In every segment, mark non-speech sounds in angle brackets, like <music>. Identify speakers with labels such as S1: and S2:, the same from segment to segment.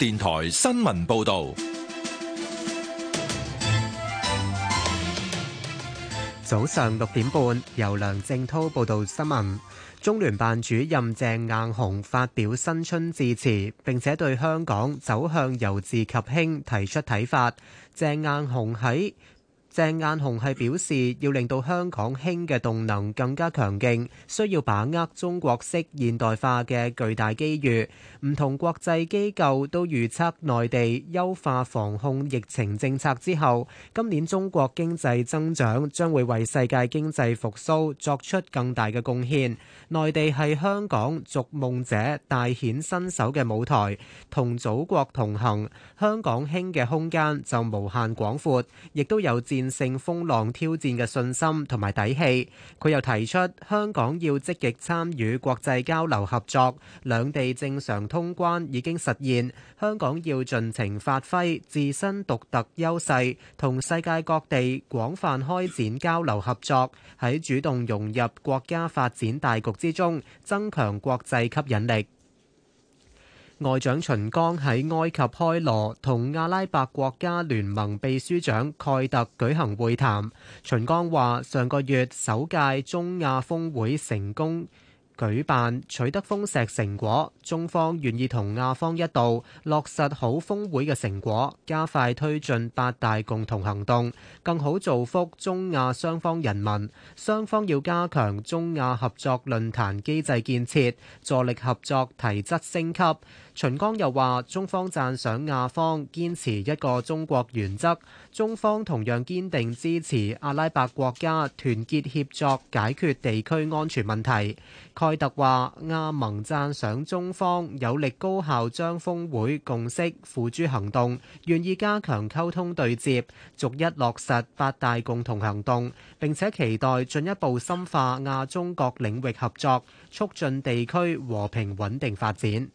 S1: 電台新聞報道，
S2: 早上六點半，由梁正滔報道新聞。中聯辦主任鄭雁雄發表新春致辭，並且對香港走向由治及興提出睇法。鄭雁雄喺鄭雁雄係表示，要令到香港興嘅動能更加強勁，需要把握中國式現代化嘅巨大機遇。唔同國際機構都預測，內地優化防控疫情政策之後，今年中國經濟增長將會為世界經濟復甦作出更大嘅貢獻。內地係香港逐夢者大顯身手嘅舞台，同祖國同行，香港興嘅空間就無限廣闊，亦都有自戰勝風浪挑戰嘅信心同埋底氣，佢又提出香港要積極參與國際交流合作，兩地正常通關已經實現，香港要盡情發揮自身獨特優勢，同世界各地廣泛開展交流合作，喺主動融入國家發展大局之中，增強國際吸引力。外長秦剛喺埃及開羅同阿拉伯國家聯盟秘書長蓋特舉行會談。秦剛話，上個月首屆中亞峰會成功舉辦，取得豐碩成果。中方願意同亞方一道落實好峰會嘅成果，加快推進八大共同行動，更好造福中亞雙方人民。雙方要加強中亞合作論壇機制建設，助力合作提質升級。秦剛又話：中方讚賞亞方堅持一個中國原則，中方同樣堅定支持阿拉伯國家團結協作，解決地區安全問題。蓋特話：亞盟讚賞中方有力高效將峰會共識付諸行動，願意加強溝通對接，逐一落實八大共同行動，並且期待進一步深化亞中各領域合作，促進地區和平穩定發展。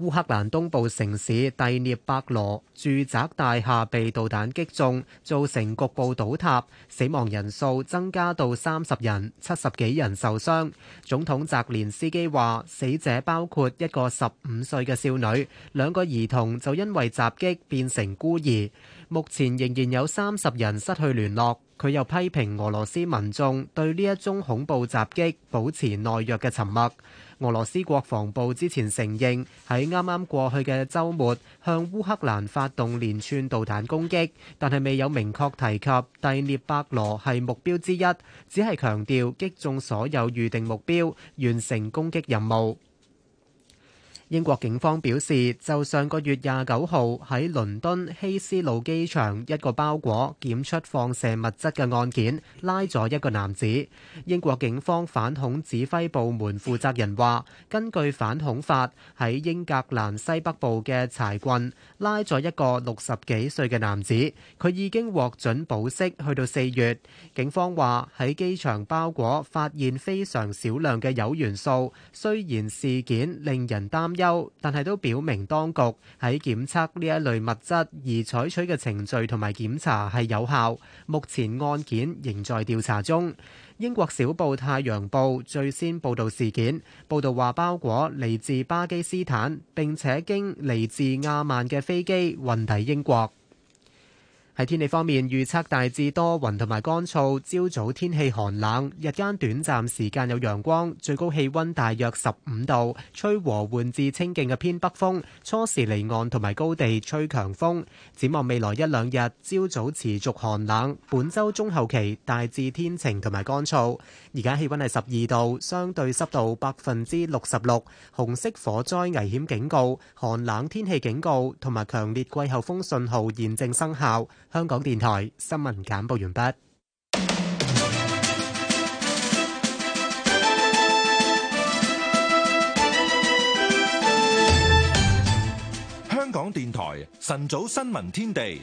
S2: 烏克蘭東部城市蒂涅伯羅住宅大廈被導彈擊中，造成局部倒塌，死亡人數增加到三十人，七十幾人受傷。總統澤連斯基話：死者包括一個十五歲嘅少女，兩個兒童就因為襲擊變成孤兒。目前仍然有三十人失去聯絡。佢又批評俄羅斯民眾對呢一宗恐怖襲擊保持懦弱嘅沉默。俄羅斯國防部之前承認喺啱啱過去嘅週末向烏克蘭發動連串導彈攻擊，但係未有明確提及第涅伯羅係目標之一，只係強調擊中所有預定目標，完成攻擊任務。英國警方表示，就上個月廿九號喺倫敦希斯路機場一個包裹檢出放射物質嘅案件，拉咗一個男子。英國警方反恐指揮部門負責人話，根據反恐法，喺英格蘭西北部嘅柴郡拉咗一個六十幾歲嘅男子，佢已經獲准保釋去到四月。警方話喺機場包裹發現非常少量嘅鈾元素，雖然事件令人擔。但係都表明當局喺檢測呢一類物質而採取嘅程序同埋檢查係有效。目前案件仍在調查中。英國小報《太陽報》最先報道事件，報道話包裹嚟自巴基斯坦，並且經嚟自亞曼嘅飛機運抵英國。喺天氣方面，預測大致多雲同埋乾燥，朝早天氣寒冷，日間短暫時間有陽光，最高氣溫大約十五度，吹和緩至清勁嘅偏北風，初時離岸同埋高地吹強風。展望未來一兩日，朝早持續寒冷，本周中後期大致天晴同埋乾燥。而家氣溫係十二度，相對濕度百分之六十六，紅色火災危險警告、寒冷天氣警告同埋強烈季候風信號現正生效。香港電台新聞簡報完畢。
S3: 香港電台
S4: 晨早新聞天地，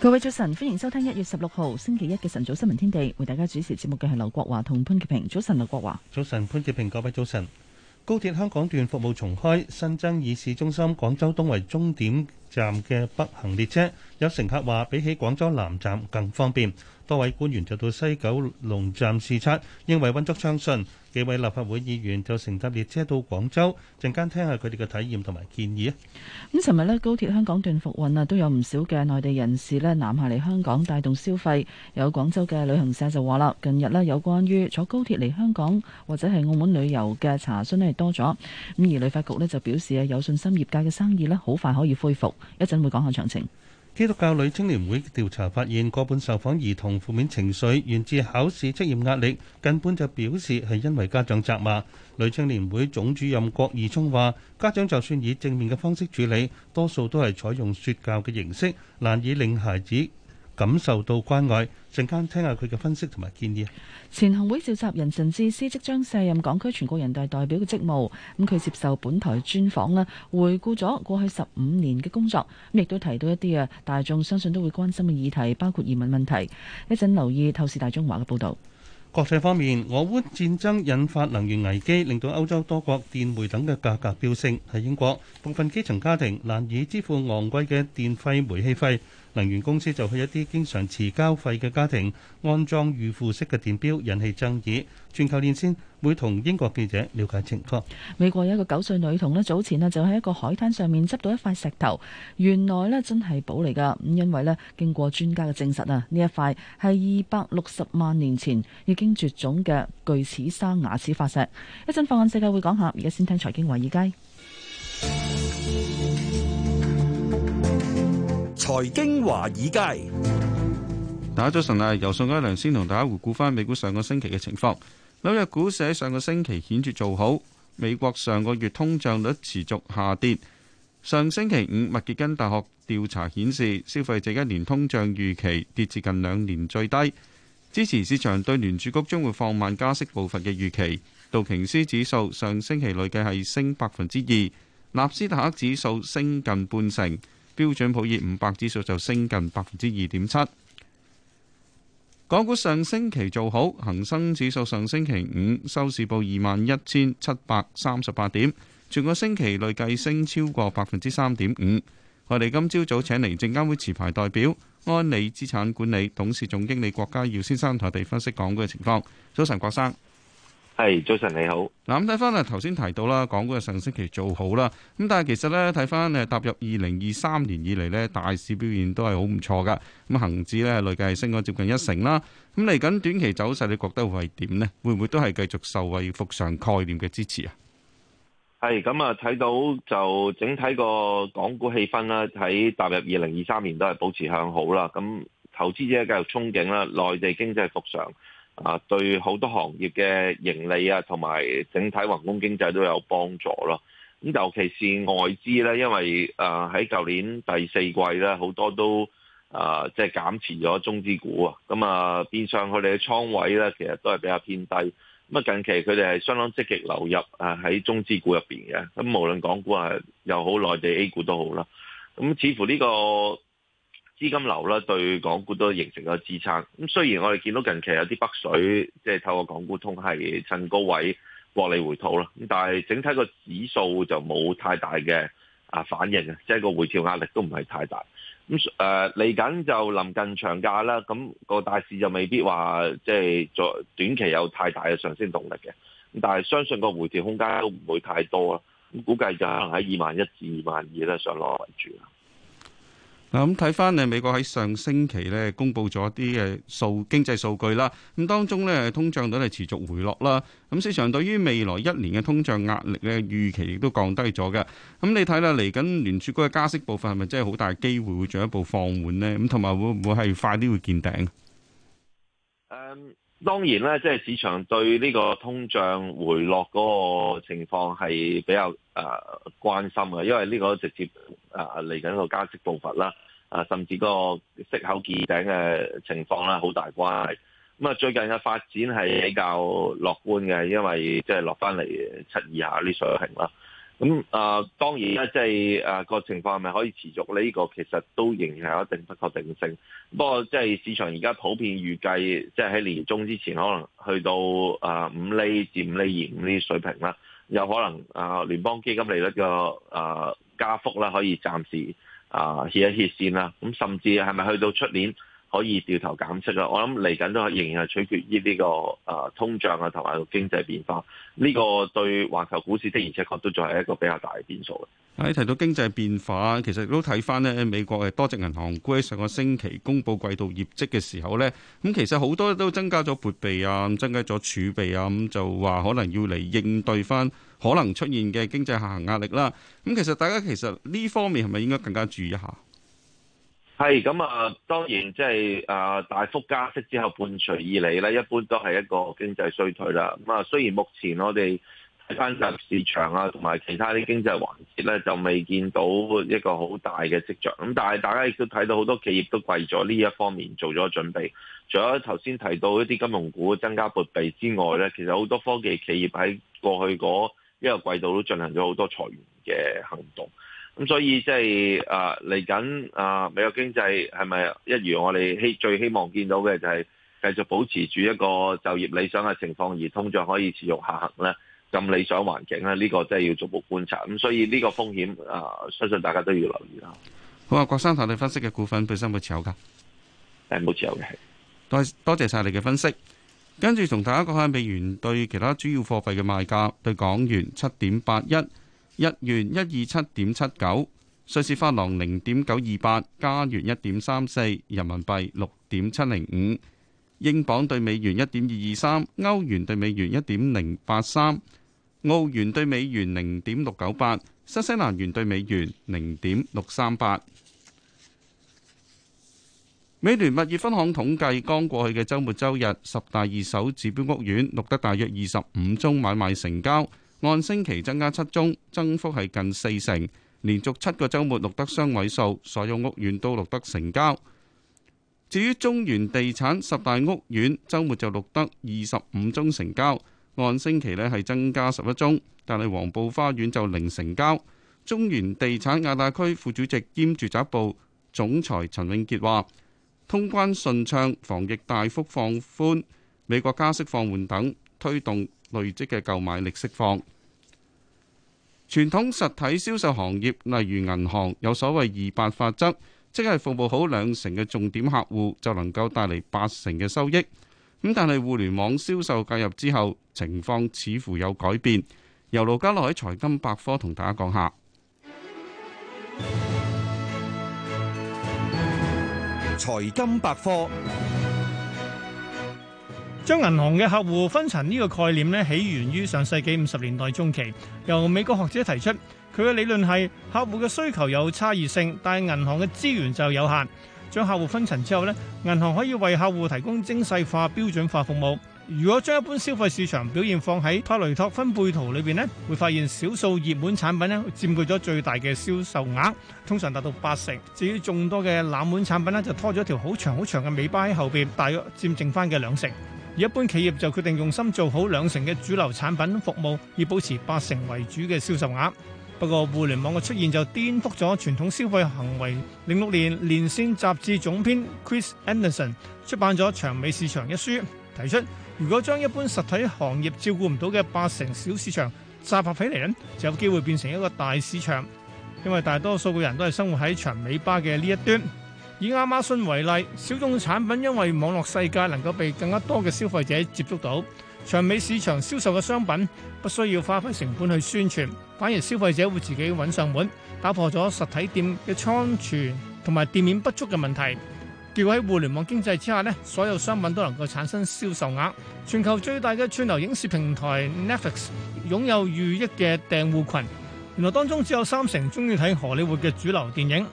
S5: 各位早晨，歡迎收聽一月十六號星期一嘅晨早新聞天地，為大家主持節目嘅係劉國華同潘潔平。早晨，劉國華。
S6: 早晨，潘潔平。各位早晨。高鐵香港段服務重開，新增以市中心廣州東為終點。站嘅北行列車有乘客話，比起廣州南站更方便。多位官員就到西九龍站視察，認為運足暢順。幾位立法會議員就乘搭列車到廣州，陣間聽下佢哋嘅體驗同埋建議
S5: 啊！咁尋日咧，高鐵香港段復運啊，都有唔少嘅內地人士咧南下嚟香港，帶動消費。有廣州嘅旅行社就話啦，近日咧有關於坐高鐵嚟香港或者係澳門旅遊嘅查詢咧多咗。咁而旅發局咧就表示啊，有信心業界嘅生意咧好快可以恢復。一陣會講下詳情。
S6: 基督教女青年會調查發現，過半受訪兒童負面情緒源自考試、職業壓力，根本就表示係因為家長責罵。女青年會總主任郭義聰話：家長就算以正面嘅方式處理，多數都係採用說教嘅形式，難以令孩子。感受到關愛，陣間聽下佢嘅分析同埋建議。
S5: 前行會召集人陳智思即將卸任港區全國人大代表嘅職務，咁佢接受本台專訪啦，回顧咗過去十五年嘅工作，咁亦都提到一啲啊，大眾相信都會關心嘅議題，包括移民問題。一陣留意透視大中華嘅報導。國際方面，俄烏
S6: 戰爭引發能源危機，令到歐洲多國電煤等嘅價格飆升。喺英國，部分基層家庭難以支付昂貴嘅電費、煤氣費。能源公司就去一啲經常遲交費嘅家庭安裝預付式嘅電表，引起爭議。全球連線會同英國記者了解情況。
S5: 美國有一個九歲女童咧，早前咧就喺一個海灘上面執到一塊石頭，原來咧真係寶嚟㗎。咁因為咧經過專家嘅證實啊，呢一塊係二百六十萬年前已經絕種嘅巨齒鯊牙齒化石。一陣放眼世界會講下，而家先聽財經華爾街。
S7: 財經華爾街，
S8: 大家早晨啊！由宋嘉良先同大家回顧翻美股上個星期嘅情況。紐約股市喺上個星期顯著做好，美國上個月通脹率持續下跌。上星期五，密歇根大學調查顯示，消費者一年通脹預期跌至近兩年最低，支持市場對聯儲局將會放慢加息步伐嘅預期。道瓊斯指數上星期累計係升百分之二，納斯達克指數升近半成。標準普爾五百指數就升近百分之二點七，港股上星期做好，恒生指數上星期五收市報二萬一千七百三十八點，全個星期累計升超過百分之三點五。我哋今朝早請嚟證監會持牌代表安理資產管理董事總經理郭家耀先生同我哋分析港股嘅情況。早晨，郭生。
S9: 係，早晨你好。
S8: 嗱咁睇翻啦，頭先提到啦，港股嘅上星期做好啦。咁但係其實咧睇翻誒，看看踏入二零二三年以嚟咧，大市表現都係好唔錯噶。咁恒指咧累計升咗接近一成啦。咁嚟緊短期走勢你覺得會係點呢？會唔會都係繼續受惠復常概念嘅支持啊？
S9: 係咁啊，嗯、睇到就整體個港股氣氛啦，喺踏入二零二三年都係保持向好啦。咁、嗯、投資者繼續憧憬啦，內地經濟復常。啊，對好多行業嘅盈利啊，同埋整體宏觀經濟都有幫助咯。咁尤其是外資咧，因為啊喺舊年第四季咧，好多都啊即係減持咗中資股啊。咁啊變相佢哋嘅倉位咧，其實都係比較偏低。咁啊近期佢哋係相當積極流入資啊喺中資股入邊嘅。咁無論港股啊又好內地 A 股都好啦。咁、啊、似乎呢、呢個。資金流啦，對港股都形成咗支撐。咁雖然我哋見到近期有啲北水，即係透過港股通係趁高位獲利回吐啦。咁但係整體個指數就冇太大嘅啊反應啊，即係個回調壓力都唔係太大。咁誒嚟緊就臨近長假啦，咁個大市就未必話即係在短期有太大嘅上升動力嘅。咁但係相信個回調空間都唔會太多啦。咁估計就可能喺二萬一至二萬二咧上落為主。
S8: 嗱，咁睇翻你美國喺上星期咧公布咗一啲嘅數經濟數據啦，咁當中咧通脹率係持續回落啦，咁市場對於未來一年嘅通脹壓力咧預期亦都降低咗嘅。咁你睇啦，嚟緊聯儲局嘅加息部分係咪真係好大機會會進一步放緩呢？咁同埋會唔會係快啲會見頂？
S9: 當然咧，即係市場對呢個通脹回落嗰個情況係比較誒關心嘅，因為呢個直接誒嚟緊個加息步伐啦，啊，甚至個息口見頂嘅情況啦，好大關係。咁啊，最近嘅發展係比較樂觀嘅，因為即係落返嚟七二下呢水平啦。咁啊、嗯呃，當然咧，即係啊個情況係咪可以持續咧？呢、這個其實都仍然係有一定不確定性。不過即係市場而家普遍預計，即係喺年中之前，可能去到啊、呃、五厘至五厘二五呢水平啦。有可能啊聯、呃、邦基金利率嘅啊、呃、加幅啦，可以暫時啊歇、呃、一歇先啦。咁、嗯、甚至係咪去到出年？可以掉頭減息啦！我諗嚟緊都仍然係取決於呢個誒通脹啊，同埋個經濟變化。呢個對環球股市的而且確都仲係一個比較大嘅變數
S8: 嘅。喺提到經濟變化，其實都睇翻咧，美國嘅多隻銀行估喺上個星期公布季度業績嘅時候呢，咁其實好多都增加咗撥備啊，增加咗儲備啊，咁就話可能要嚟應對翻可能出現嘅經濟下行壓力啦。咁其實大家其實呢方面係咪應該更加注意一下？
S9: 係咁啊，當然即係啊大幅加息之後，伴隨以嚟咧，一般都係一個經濟衰退啦。咁啊，雖然目前我哋睇翻晒市場啊，同埋其他啲經濟環節咧，就未見到一個好大嘅跡象。咁但係大家亦都睇到好多企業都為咗呢一方面做咗準備。除咗頭先提到一啲金融股增加撥備之外咧，其實好多科技企業喺過去嗰一個季度都進行咗好多裁員嘅行動。咁所以即係啊嚟緊啊，美國經濟係咪一如我哋希最希望見到嘅，就係繼續保持住一個就業理想嘅情況，而通脹可以持續下行呢？咁理想環境咧，呢、呢個真係要逐步觀察。咁所以呢個風險啊，相信大家都要留意啦。
S8: 好啊，郭生同你分析嘅股份，本身嘅持有噶，
S9: 誒冇持有嘅係。
S8: 多多謝晒你嘅分析。跟住同大家講下美元對其他主要貨幣嘅賣價，對港元七點八一。日元一二七點七九，瑞士法郎零點九二八，加元一點三四，人民幣六點七零五，英鎊兌美元一點二二三，歐元兌美元一點零八三，澳元兌美元零點六九八，新西蘭元兌美元零點六三八。美聯物業分行統計，剛過去嘅週末週日，十大二手指標屋苑錄得大約二十五宗買賣成交。按星期增加七宗，增幅係近四成，連續七個周末錄得雙位數，所有屋苑都錄得成交。至於中原地產十大屋苑，周末就錄得二十五宗成交，按星期咧係增加十一宗，但係黃埔花園就零成交。中原地產亞太區副主席兼住宅部總裁陳永傑話，通關順暢，防疫大幅放寬，美國加息放緩等，推動累積嘅購買力釋放。傳統實體銷售行業，例如銀行，有所謂二八法則，即係服務好兩成嘅重點客戶，就能夠帶嚟八成嘅收益。咁但係互聯網銷售介入之後，情況似乎有改變。由盧家樂喺財金百科同大家講下財金
S4: 百科。將銀行嘅客戶分層呢個概念咧，起源於上世紀五十年代中期，由美國學者提出。佢嘅理論係客戶嘅需求有差異性，但係銀行嘅資源就有限。將客戶分層之後咧，銀行可以為客戶提供精細化、標準化服務。如果將一般消費市場表現放喺托雷托分貝圖裏邊咧，會發現少數熱門產品咧佔據咗最大嘅銷售額，通常達到八成。至於眾多嘅冷門產品咧，就拖咗一條好長好長嘅尾巴喺後邊，大約佔剩翻嘅兩成。一般企業就決定用心做好兩成嘅主流產品服務，以保持八成為主嘅銷售額。不過互聯網嘅出現就顛覆咗傳統消費行為。零六年連線雜誌總編 Chris Anderson 出版咗《長尾市場》一書，提出如果將一般實體行業照顧唔到嘅八成小市場集合起嚟呢，就有機會變成一個大市場。因為大多數嘅人都係生活喺長尾巴嘅呢一端。以亞馬遜為例，小眾產品因為網絡世界能夠被更加多嘅消費者接觸到，長尾市場銷售嘅商品不需要花費成本去宣傳，反而消費者會自己揾上門，打破咗實體店嘅倉存同埋店面不足嘅問題。結果喺互聯網經濟之下咧，所有商品都能夠產生銷售額，全球最大嘅串流影視平台 Netflix 擁有逾億嘅訂戶群，原來當中只有三成中意睇荷里活嘅主流電影。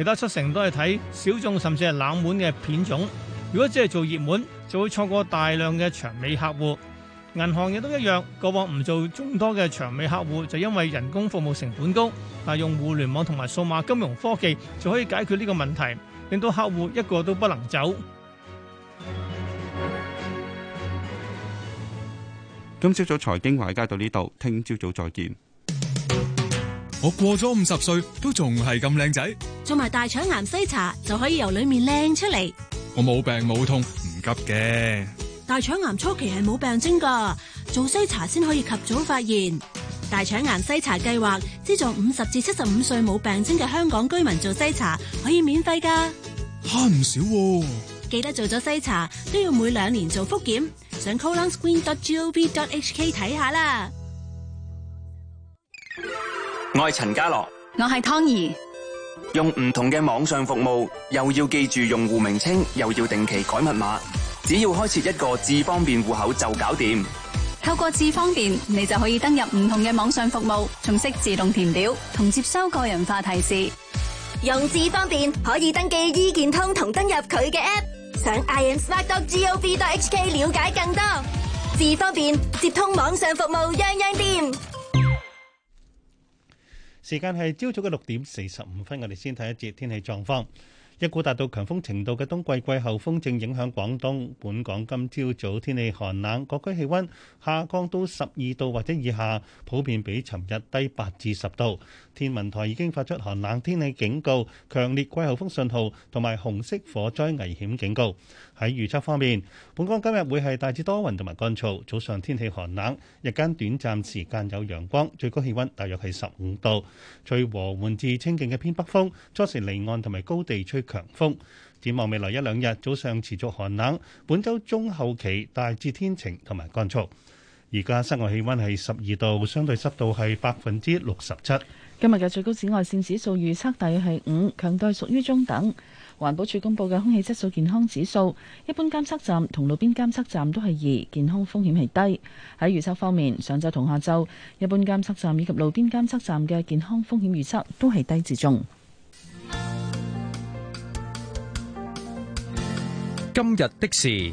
S4: 其他七成都係睇小眾甚至係冷門嘅片種，如果只係做熱門，就會錯過大量嘅長尾客戶。銀行亦都一樣，過往唔做眾多嘅長尾客戶，就因為人工服務成本高。但用互聯網同埋數碼金融科技，就可以解決呢個問題，令到客戶一個都不能走。
S8: 今朝早財經華爾街到呢度，聽朝早再見。我過咗五十歲
S1: 都仲係咁靚仔，
S10: 做埋大腸癌篩查就可以由裏面靚出嚟。
S1: 我冇病冇痛，唔急嘅。
S10: 大腸癌初期係冇病徵噶做篩查先可以及早發現。大腸癌篩查計劃資助五十至七十五歲冇病徵嘅香港居民做篩查，可以免費噶，
S1: 慳唔少喎。
S10: 記得做咗篩查都要每兩年做複檢，上 colonscreen.gov.hk dot
S11: 睇下啦。
S12: 我係陳家樂，
S11: 我係湯儀。
S12: 用唔同嘅網上服務，又要記住用戶名稱，又要定期改密碼。只要開設一個智方便戶口就搞掂。
S11: 透過智方便，你就可以登入唔同嘅網上服務，仲識自動填表同接收個人化提示。用智方便可以登記醫健通同登入佢嘅 app，上 iamsmart.gov.hk 了解更多。智方便接通網上服務樣店，樣樣掂。
S6: 時間係朝早嘅六點四十五分，我哋先睇一節天氣狀況。一股達到強風程度嘅冬季季候風正影響廣東，本港今朝早天氣寒冷，各區氣温下降到十二度或者以下，普遍比尋日低八至十度。天文台已經發出寒冷天氣警告、強烈季候風信號同埋紅色火災危險警告。喺預測方面，本港今日會係大致多雲同埋乾燥，早上天氣寒冷，日間短暫時間有陽光，最高氣溫大約係十五度，吹和緩至清勁嘅偏北風，初時離岸同埋高地吹強風。展望未來一兩日，早上持續寒冷，本周中後期大致天晴同埋乾燥。而家室外氣溫係十二度，相對濕度係百分之六十七。
S5: 今日嘅最高紫外線指數預測大約係五，強度屬於中等。環保署公布嘅空氣質素健康指數，一般監測站同路邊監測站都係二，健康風險係低。喺預測方面，上晝同下晝，一般監測站以及路邊監測站嘅健康風險預測都係低至中。
S13: 今日的事。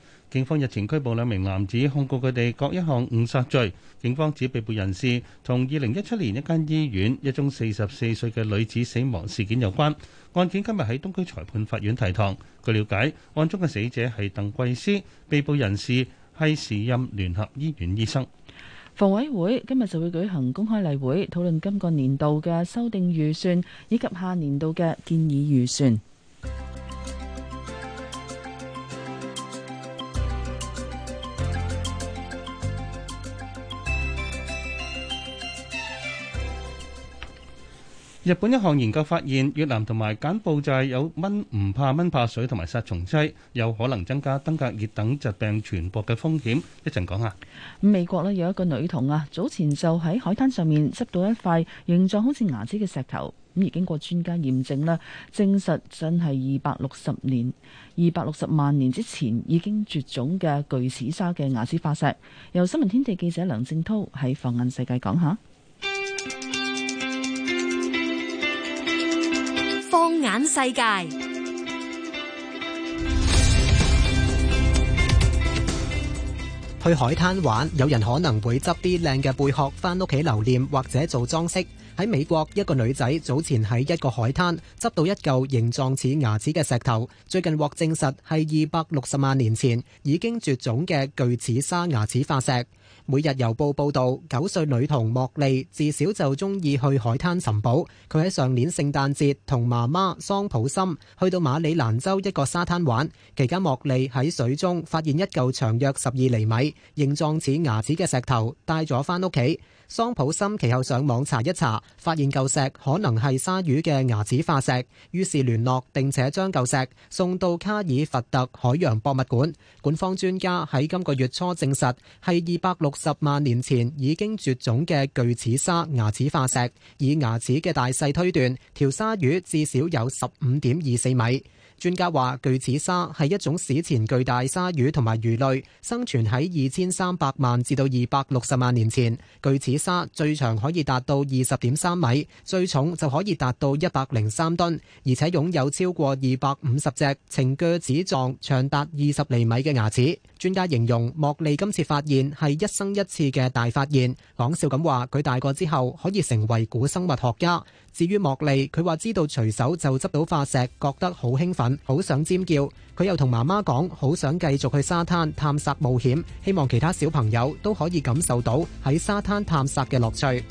S6: 警方日前拘捕兩名男子，控告佢哋各一項誤殺罪。警方指被捕人士同二零一七年一間醫院一宗四十四歲嘅女子死亡事件有關。案件今日喺東區裁判法院提堂。據了解，案中嘅死者係鄧桂思，被捕人士係時任聯合醫院醫生。
S5: 房委會今日就會舉行公開例會，討論今個年度嘅修訂預算以及下年度嘅建議預算。
S6: 日本一項研究發現，越南同埋柬埔寨有蚊唔怕蚊怕水，同埋殺蟲劑有可能增加登革熱等疾病傳播嘅風險。一陣
S5: 講下美國咧有一個女童啊，早前就喺海灘上面執到一塊形狀好似牙齒嘅石頭，咁而經過專家驗證咧，證實真係二百六十年、二百六十萬年之前已經絕種嘅巨齒鯊嘅牙齒化石。由新聞天地記者梁正濤喺放眼世界講下。
S10: 放眼世界，
S2: 去海灘玩，有人可能會執啲靚嘅貝殼返屋企留念，或者做裝飾。喺美國，一個女仔早前喺一個海灘執到一嚿形狀似牙齒嘅石頭，最近獲證實係二百六十萬年前已經絕種嘅巨齒鯊牙齒化石。每日郵報報導，九歲女童莫莉自小就中意去海灘尋寶。佢喺上年聖誕節同媽媽桑普森去到馬里蘭州一個沙灘玩，期間莫莉喺水中發現一嚿長約十二厘米、形狀似牙齒嘅石頭，帶咗返屋企。桑普森其後上網查一查，發現舊石可能係鯊魚嘅牙齒化石，於是聯絡並且將舊石送到卡爾弗特海洋博物館。館方專家喺今個月初證實係二百六十萬年前已經絕種嘅巨齒鯊牙齒化石，以牙齒嘅大細推斷，條鯊魚至少有十五點二四米。專家話，巨齒鯊係一種史前巨大鯊魚同埋魚類，生存喺二千三百萬至到二百六十萬年前。巨齒鯊最長可以達到二十點三米，最重就可以達到一百零三噸，而且擁有超過二百五十隻呈鋸齒狀、長達二十厘米嘅牙齒。專家形容莫利今次發現係一生一次嘅大發現。講笑咁話，佢大個之後可以成為古生物學家。至於莫莉，佢話知道隨手就執到化石，覺得好興奮，好想尖叫。佢又同媽媽講，好想繼續去沙灘探索冒險，希望其他小朋友都可以感受到喺沙灘探索嘅樂趣。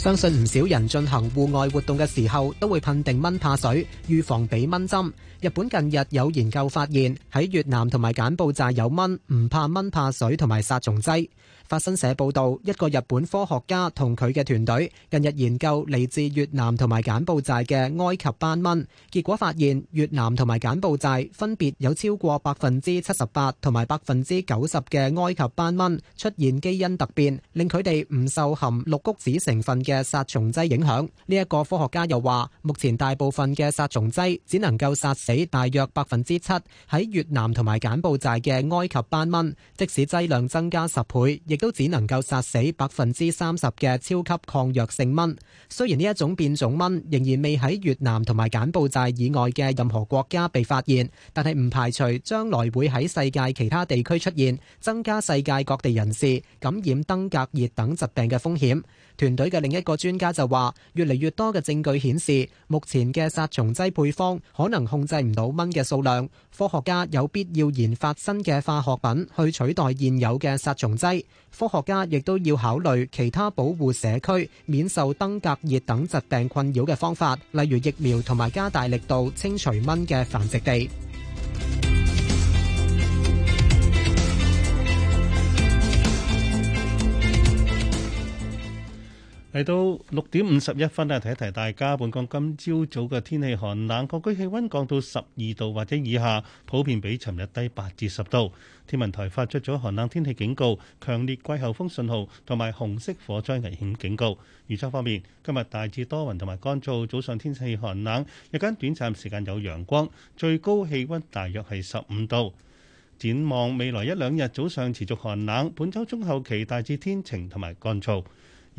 S2: 相信唔少人進行戶外活動嘅時候，都會噴定蚊怕水，預防畀蚊針。日本近日有研究發現，喺越南同埋柬埔寨有蚊唔怕蚊怕水同埋殺蟲劑。法新社報導，一個日本科學家同佢嘅團隊近日研究嚟自越南同埋柬埔寨嘅埃及斑蚊，結果發現越南同埋柬埔寨分別有超過百分之七十八同埋百分之九十嘅埃及斑蚊出現基因突變，令佢哋唔受含六谷子成分嘅殺蟲劑影響。呢一個科學家又話，目前大部分嘅殺蟲劑只能夠殺死大約百分之七喺越南同埋柬埔寨嘅埃及斑蚊，即使劑量增加十倍，亦都只能夠殺死百分之三十嘅超級抗藥性蚊。雖然呢一種變種蚊仍然未喺越南同埋柬埔寨以外嘅任何國家被發現，但係唔排除將來會喺世界其他地區出現，增加世界各地人士感染登革熱等疾病嘅風險。團隊嘅另一個專家就話，越嚟越多嘅證據顯示，目前嘅殺蟲劑配方可能控制唔到蚊嘅數量。科學家有必要研發新嘅化學品去取代現有嘅殺蟲劑。科學家亦都要考慮其他保護社區免受登革熱等疾病困擾嘅方法，例如疫苗同埋加大力度清除蚊嘅繁殖地。
S6: 嚟到六點五十一分，提一提大家。本港今朝早嘅天氣寒冷，各區氣温降到十二度或者以下，普遍比尋日低八至十度。天文台發出咗寒冷天氣警告、強烈季候風信號同埋紅色火災危險警告。預測方面，今日大致多雲同埋乾燥，早上天氣寒冷，日間短暫時間有陽光，最高氣温大約係十五度。展望未來一兩日，早上持續寒冷，本週中後期大致天晴同埋乾燥。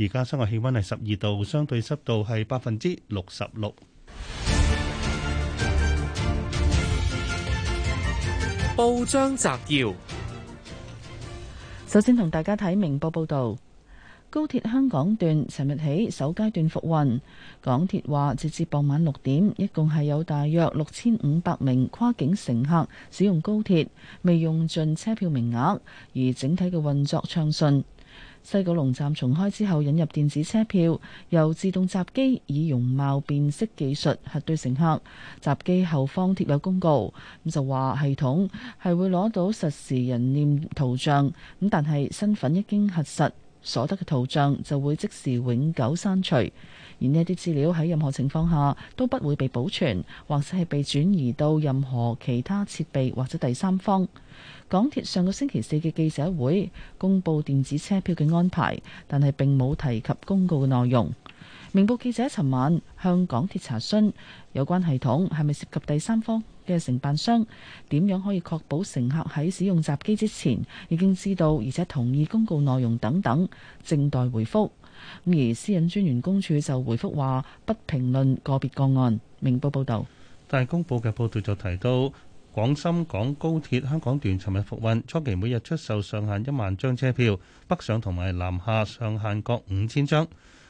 S6: 而家室外氣温係十二度，相對濕度係百分之六十六。
S13: 報章摘要：
S5: 首先同大家睇明報報道，高鐵香港段尋日起首階段復運，港鐵話截至傍晚六點，一共係有大約六千五百名跨境乘客使用高鐵，未用盡車票名額，而整體嘅運作暢順。西九龍站重開之後，引入電子車票，由自動閘機以容貌辨識技術核對乘客，閘機後方貼有公告，咁就話系統係會攞到實時人臉圖像，咁但係身份已經核實。所得嘅圖像就會即時永久刪除，而呢啲資料喺任何情況下都不會被保存，或者係被轉移到任何其他設備或者第三方。港鐵上個星期四嘅記者會公佈電子車票嘅安排，但係並冇提及公告嘅內容。明報記者尋晚向港鐵查詢有關系統係咪涉及第三方。嘅承辦商點樣可以確保乘客喺使用閘機之前已經知道而且同意公告內容等等，靜待回覆，而私隱專員公署就回覆話不評論個別個案。明報報導，大
S6: 公報嘅報道就提到，廣深港高鐵香港段尋日復運初期每日出售上限一萬張車票，北上同埋南下上限各五千張。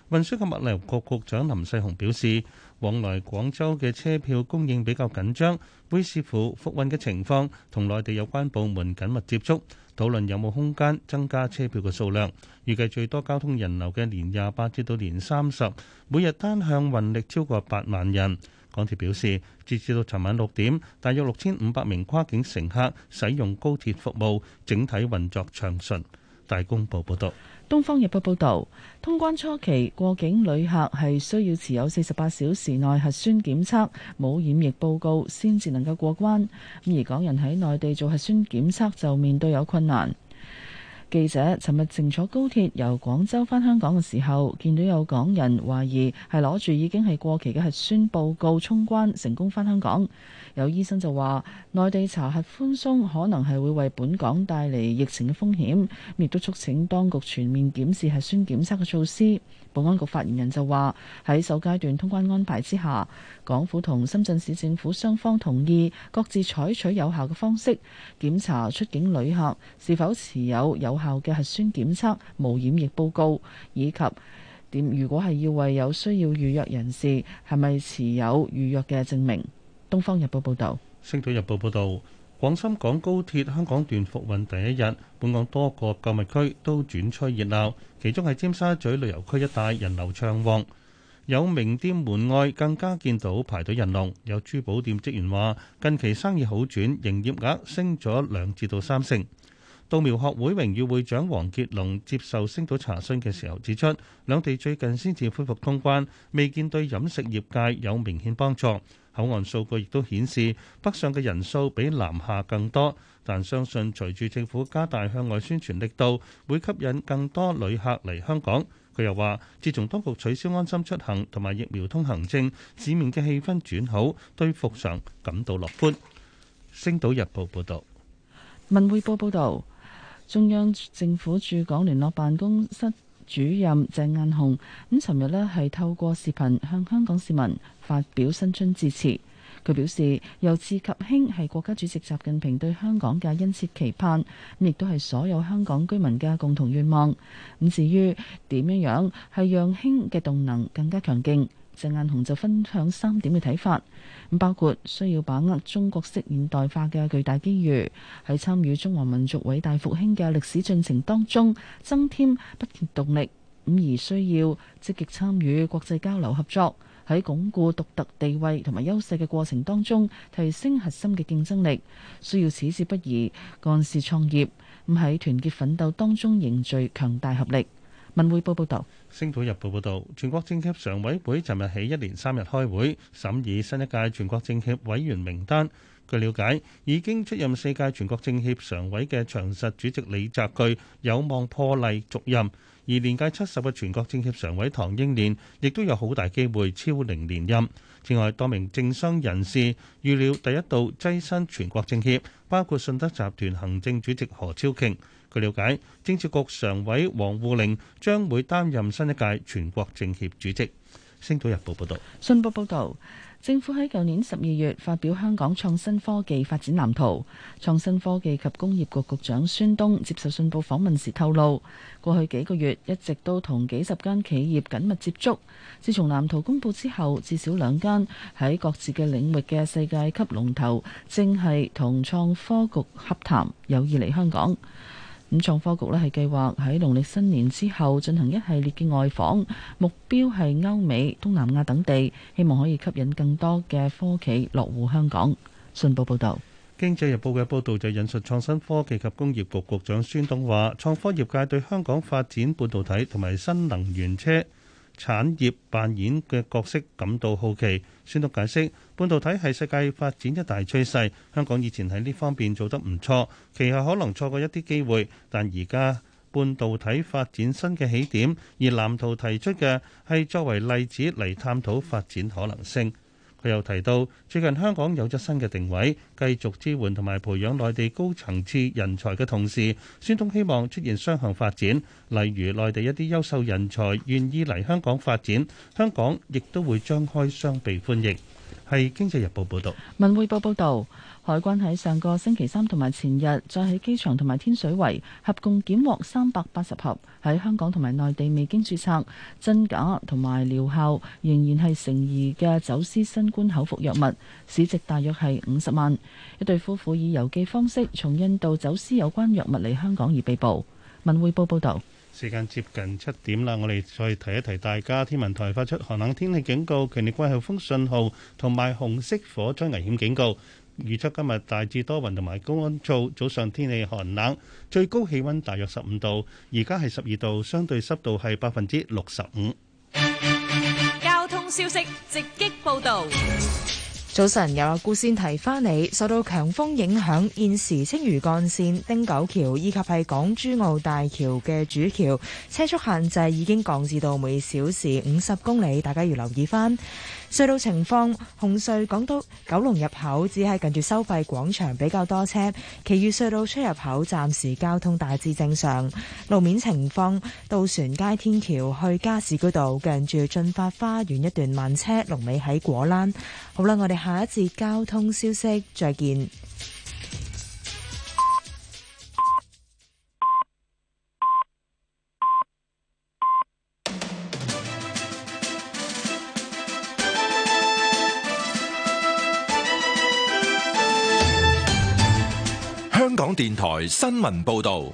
S6: 運輸及物流局局長林世雄表示，往來廣州嘅車票供應比較緊張，會視乎復運嘅情況同內地有關部門緊密接觸，討論有冇空間增加車票嘅數量。預計最多交通人流嘅年廿八至到年三十，每日單向運力超過八萬人。港鐵表示，截至到尋晚六點，大約六千五百名跨境乘客使用高鐵服務，整體運作暢順。大公報報道。
S5: 東方日報報道，通關初期，過境旅客係需要持有四十八小時內核酸檢測冇染疫報告先至能夠過關。而港人喺內地做核酸檢測就面對有困難。記者尋日乘坐高鐵由廣州返香港嘅時候，見到有港人懷疑係攞住已經係過期嘅核酸報告衝關，成功返香港。有醫生就話，內地查核寬鬆可能係會為本港帶嚟疫情嘅風險，亦都促請當局全面檢視核酸檢測嘅措施。保安局發言人就話：喺首階段通關安排之下，港府同深圳市政府雙方同意各自採取有效嘅方式檢查出境旅客是否持有有效嘅核酸檢測無染疫報告，以及點如果係要為有需要預約人士，係咪持有預約嘅證明。《東方日報》報導，
S6: 《星島日報》報導，廣深港高鐵香港段復運第一日，本港多個購物區都轉趨熱鬧，其中係尖沙咀旅遊區一帶人流暢旺，有名店門外更加見到排隊人龍。有珠寶店職員話：近期生意好轉，營業額升咗兩至到三成。稻苗學會榮譽會長黃傑龍接受《星島》查詢嘅時候指出，兩地最近先至恢復通關，未見對飲食業界有明顯幫助。口岸數據亦都顯示北上嘅人數比南下更多，但相信隨住政府加大向外宣傳力度，會吸引更多旅客嚟香港。佢又話：自從當局取消安心出行同埋疫苗通行證，市面嘅氣氛轉好，對復常感到樂觀。星島日報報導，
S5: 文匯報報導，中央政府駐港聯絡辦公室主任鄭雁雄咁，尋日咧係透過視頻向香港市民發表新春致辭。佢表示，由治及興係國家主席習近平對香港嘅殷切期盼，亦都係所有香港居民嘅共同願望。咁至於點樣樣係讓興嘅動能更加強勁？鄭雁雄就分享三點嘅睇法，咁包括需要把握中國式現代化嘅巨大機遇，喺參與中華民族偉大復興嘅歷史進程當中增添不竭動力；咁而需要積極參與國際交流合作，喺鞏固獨特地位同埋優勢嘅過程當中提升核心嘅競爭力；需要矢志不移幹事創業；咁喺團結奮鬥當中凝聚強大合力。文匯報報道，
S6: 《星島日報》報道，全國政協常委會尋日起一連三日開會，審議新一屆全國政協委員名單。據了解，已經出任四屆全國政協常委嘅長實主席李澤钜有望破例續任，而年屆七十嘅全國政協常委唐英年亦都有好大機會超齡連任。此外，多名政商人士預料第一度躋身全國政協，包括信德集團行政主席何超瓊。據了解，政治局常委王滬寧將會擔任新一屆全國政協主席。星島日報報道：
S5: 「信報報道，政府喺舊年十二月發表《香港創新科技發展藍圖》，創新科技及工業局局長孫東接受信報訪問時透露，過去幾個月一直都同幾十間企業緊密接觸。自從藍圖公布之後，至少兩間喺各自嘅領域嘅世界級龍頭正係同創科局洽談，有意嚟香港。五創科局呢係計劃喺農曆新年之後進行一系列嘅外訪，目標係歐美、東南亞等地，希望可以吸引更多嘅科企落戶香港。信報報導，
S6: 《經濟日報》嘅報導就引述創新科技及工業局局長孫東話，創科業界對香港發展半導體同埋新能源車。產業扮演嘅角色感到好奇，孫督解釋：半導體係世界發展一大趨勢，香港以前喺呢方面做得唔錯，其後可能錯過一啲機會，但而家半導體發展新嘅起點，而藍圖提出嘅係作為例子嚟探討發展可能性。佢又提到，最近香港有咗新嘅定位，繼續支援同埋培養內地高層次人才嘅同時，孫通希望出現雙向發展，例如內地一啲優秀人才願意嚟香港發展，香港亦都會張開雙臂歡迎。係經濟日報報道，
S5: 《文匯報》報道。海關喺上個星期三同埋前日，再喺機場同埋天水圍合共檢獲三百八十盒喺香港同埋內地未經註冊、真假同埋療效仍然係成疑嘅走私新冠口服藥物，市值大約係五十萬。一對夫婦以郵寄方式從印度走私有關藥物嚟香港而被捕。文匯報報道。
S6: 時間接近七點啦，我哋再提一提大家，天文台發出寒冷天氣警告、強烈季候風信號同埋紅色火災危險警告。預測今日大致多雲同埋高溫燥，早上天氣寒冷，最高氣温大約十五度，而家係十二度，相對濕度係百分之六十五。
S14: 交通消息直擊報導，
S7: 早晨，有阿顧先提翻你，受到強風影響，現時青嶼幹線汀九橋以及喺港珠澳大橋嘅主橋車速限制已經降至到每小時五十公里，大家要留意翻。隧道情況，紅隧港島九龍入口只係近住收費廣場比較多車，其餘隧道出入口暫時交通大致正常。路面情況，渡船街天橋去加士居道近住駿發花園一段慢車，龍尾喺果欄。好啦，我哋下一節交通消息再見。
S1: 香港電台新聞報道，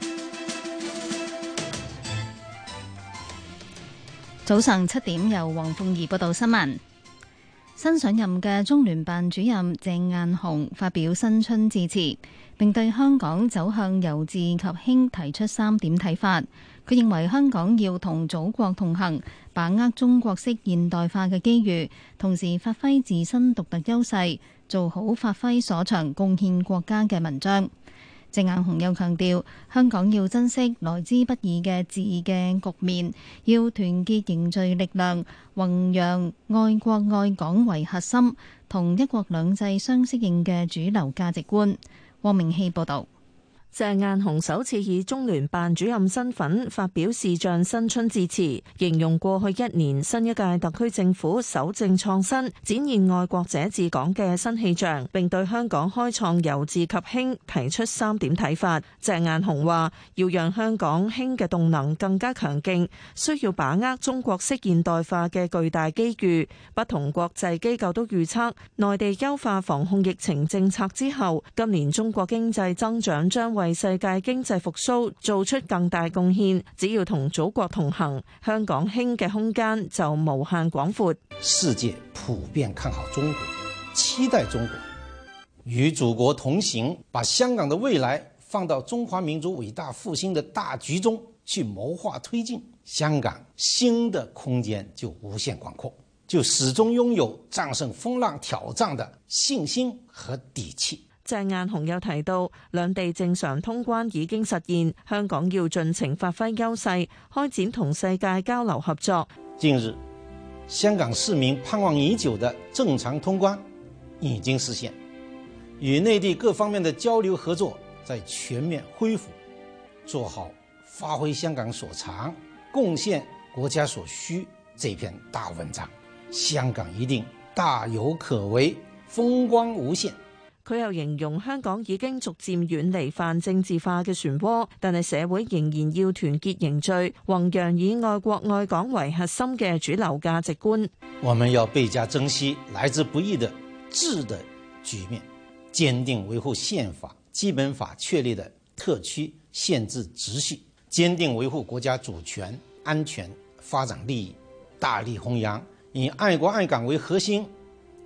S11: 早上七點由黃鳳儀報道新聞。新上任嘅中聯辦主任鄭雁雄發表新春致辭，並對香港走向由治及興提出三點睇法。佢認為香港要同祖國同行，把握中國式現代化嘅機遇，同時發揮自身獨特優勢，做好發揮所長、貢獻國家嘅文章。鄭雁雄又強調，香港要珍惜來之不易嘅治嘅局面，要團結凝聚力量，弘揚愛國愛港為核心、同一國兩制相適應嘅主流價值觀。汪明希報道。鄭雁雄首次以
S15: 中聯辦主任身份發表視像新春致辭，形容過去一年新一屆特區政府守正創新，展現愛國者治港嘅新氣象，並對香港開創由治及興提出三點睇法。鄭雁雄話：要讓香港興嘅動能更加強勁，需要把握中國式現代化嘅巨大機遇。不同國際機構都預測，內地優化防控疫情政策之後，今年中國經濟增長將為為世界經濟復蘇做出更大貢獻，只要同祖國同行，香港興嘅空間就無限廣闊。
S16: 世界普遍看好中國，期待中國與祖國同行，把香港的未來放到中華民族偉大復興的大局中去謀劃推進，香港新的空間就無限廣闊，就始終擁有戰勝風浪挑戰的信心和底氣。
S15: 鄭雁雄又提到，兩地正常通關已經實現，香港要盡情發揮優勢，開展同世界交流合作。近
S16: 日，香港市民盼望已久的正常通關已經實現，與內地各方面的交流合作在全面恢復，做好發揮香港所長、貢獻國家所需這
S15: 篇大文章，香港一定大有可為，風光無限。佢又形容香港已經逐漸遠離泛政治化嘅漩渦，但係社會仍然要團結凝聚，弘揚以愛國愛港為核心嘅主流價值觀。
S16: 我們要倍加珍惜來之不易的治的局面，堅定維護憲法、基本法確立的特區憲制秩序，堅定維護國家主權、安全、發展利益，大力弘揚以愛國愛港為核心、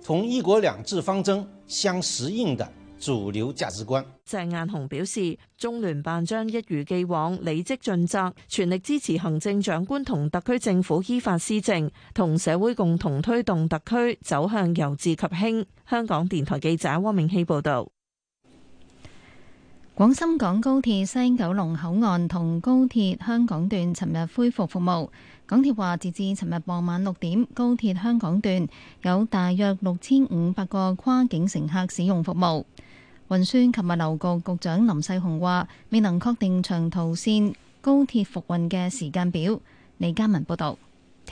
S16: 同一國兩制方針相適應的主流價值觀。
S15: 鄭雁雄表示，中聯辦將一如既往履職盡責，全力支持行政長官同特區政府依法施政，同社會共同推動特區走向由治及興。香港電台記者汪明熙報道，
S11: 廣深港高鐵西九龍口岸同高鐵香港段尋日恢復服，服務。港鐵話：截至尋日傍晚六點，高鐵香港段有大約六千五百個跨境乘客使用服務。運輸及物流局局長林世雄話：未能確定長
S17: 途線高鐵復運嘅時間表。李嘉文報道。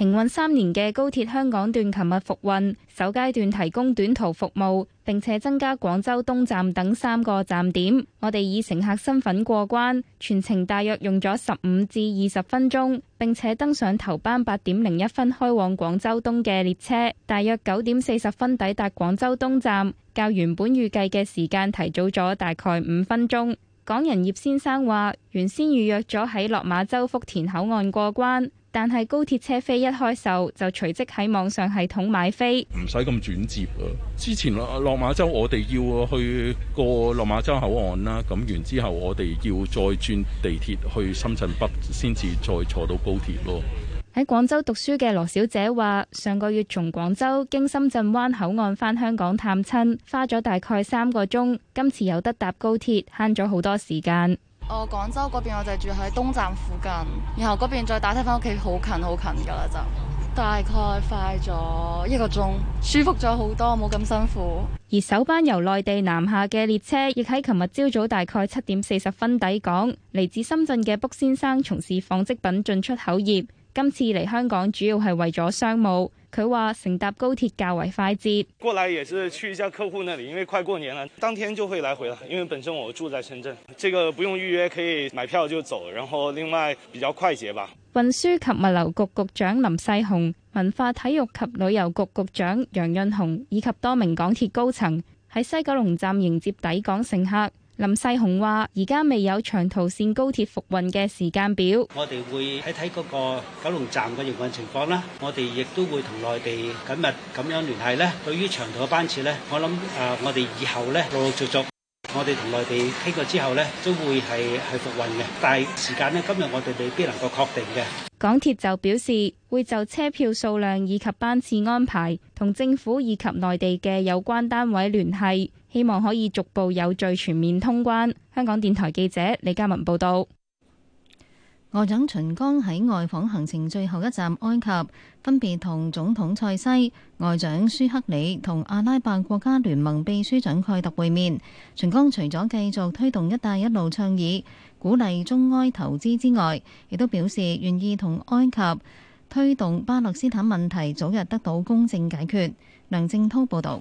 S17: 停運三年嘅高鐵香港段，琴日復運，首階段提供短途服務，並且增加廣州東站等三個站點。我哋以乘客身份過關，全程大約用咗十五至二十分鐘，並且登上頭班八點零一分開往廣州東嘅列車，大約九點四十分抵達廣州東站，較原本預計嘅時間提早咗大概五分鐘。港人葉先生話：原先預約咗喺落馬洲福田口岸過關。但係高鐵車飛一開售就隨即喺網上系統買飛，唔
S8: 使咁轉接啊！之前落馬洲我哋要去過落馬洲口岸啦，咁完之後我哋要再轉地鐵去深圳北，先至再坐到高鐵咯。
S17: 喺廣州讀書嘅羅小姐話：上個月從廣州經深圳灣口岸返香港探親，花咗大概三個鐘。今次有得搭高鐵，慳咗好多時間。
S11: 哦，廣州嗰邊我就住喺東站附近，然後嗰邊再打車返屋企好近好近㗎喇就，大
S5: 概快咗一個鐘，
S17: 舒服咗好多，冇咁辛苦。而首班由內地南下嘅列車，亦喺琴日朝早大概七點四十分抵港。嚟自深圳嘅卜先生從事紡織品進出口業，今次嚟香港主要係為咗商務。佢話：乘搭高鐵較為快捷。
S4: 過來也是去一下客戶那裡，因為快過年啦，當天就會來回啦。因為本身我住在深圳，這個不用預約，可以買票就走。然後另外比較快捷吧。
S17: 運輸及物流局局長林世雄、文化體育及旅遊局局長楊潤雄以及多名港鐵高層喺西九龍站迎接抵港乘客。林世雄話：而家未有長途線高鐵復運嘅時間表，
S16: 我哋會睇睇嗰個九龍站嘅營運情況啦。我哋亦都會同內地緊密咁樣聯繫呢。對於長途嘅班次呢，我諗誒，我哋以後呢，陸陸續續，我哋同內地傾過之後呢，都會係係復運嘅，但係時間呢，今日我哋未必能夠確定嘅。
S17: 港鐵就表示會就車票數量以及班次安排同政府以及內地嘅有關單位聯繫。希望可以逐步有序全面通關。香港電台記者李嘉文報道，
S11: 外長秦剛喺外訪行程最後一站埃及，分別同總統塞西、外長舒克里同阿拉伯國家聯盟秘書長蓋特會面。秦剛除咗繼續推動「一帶一路」倡議，鼓勵中埃投資之外，亦都表示願意同埃及推動巴勒斯坦問題早日得到公正解決，梁正濤報道。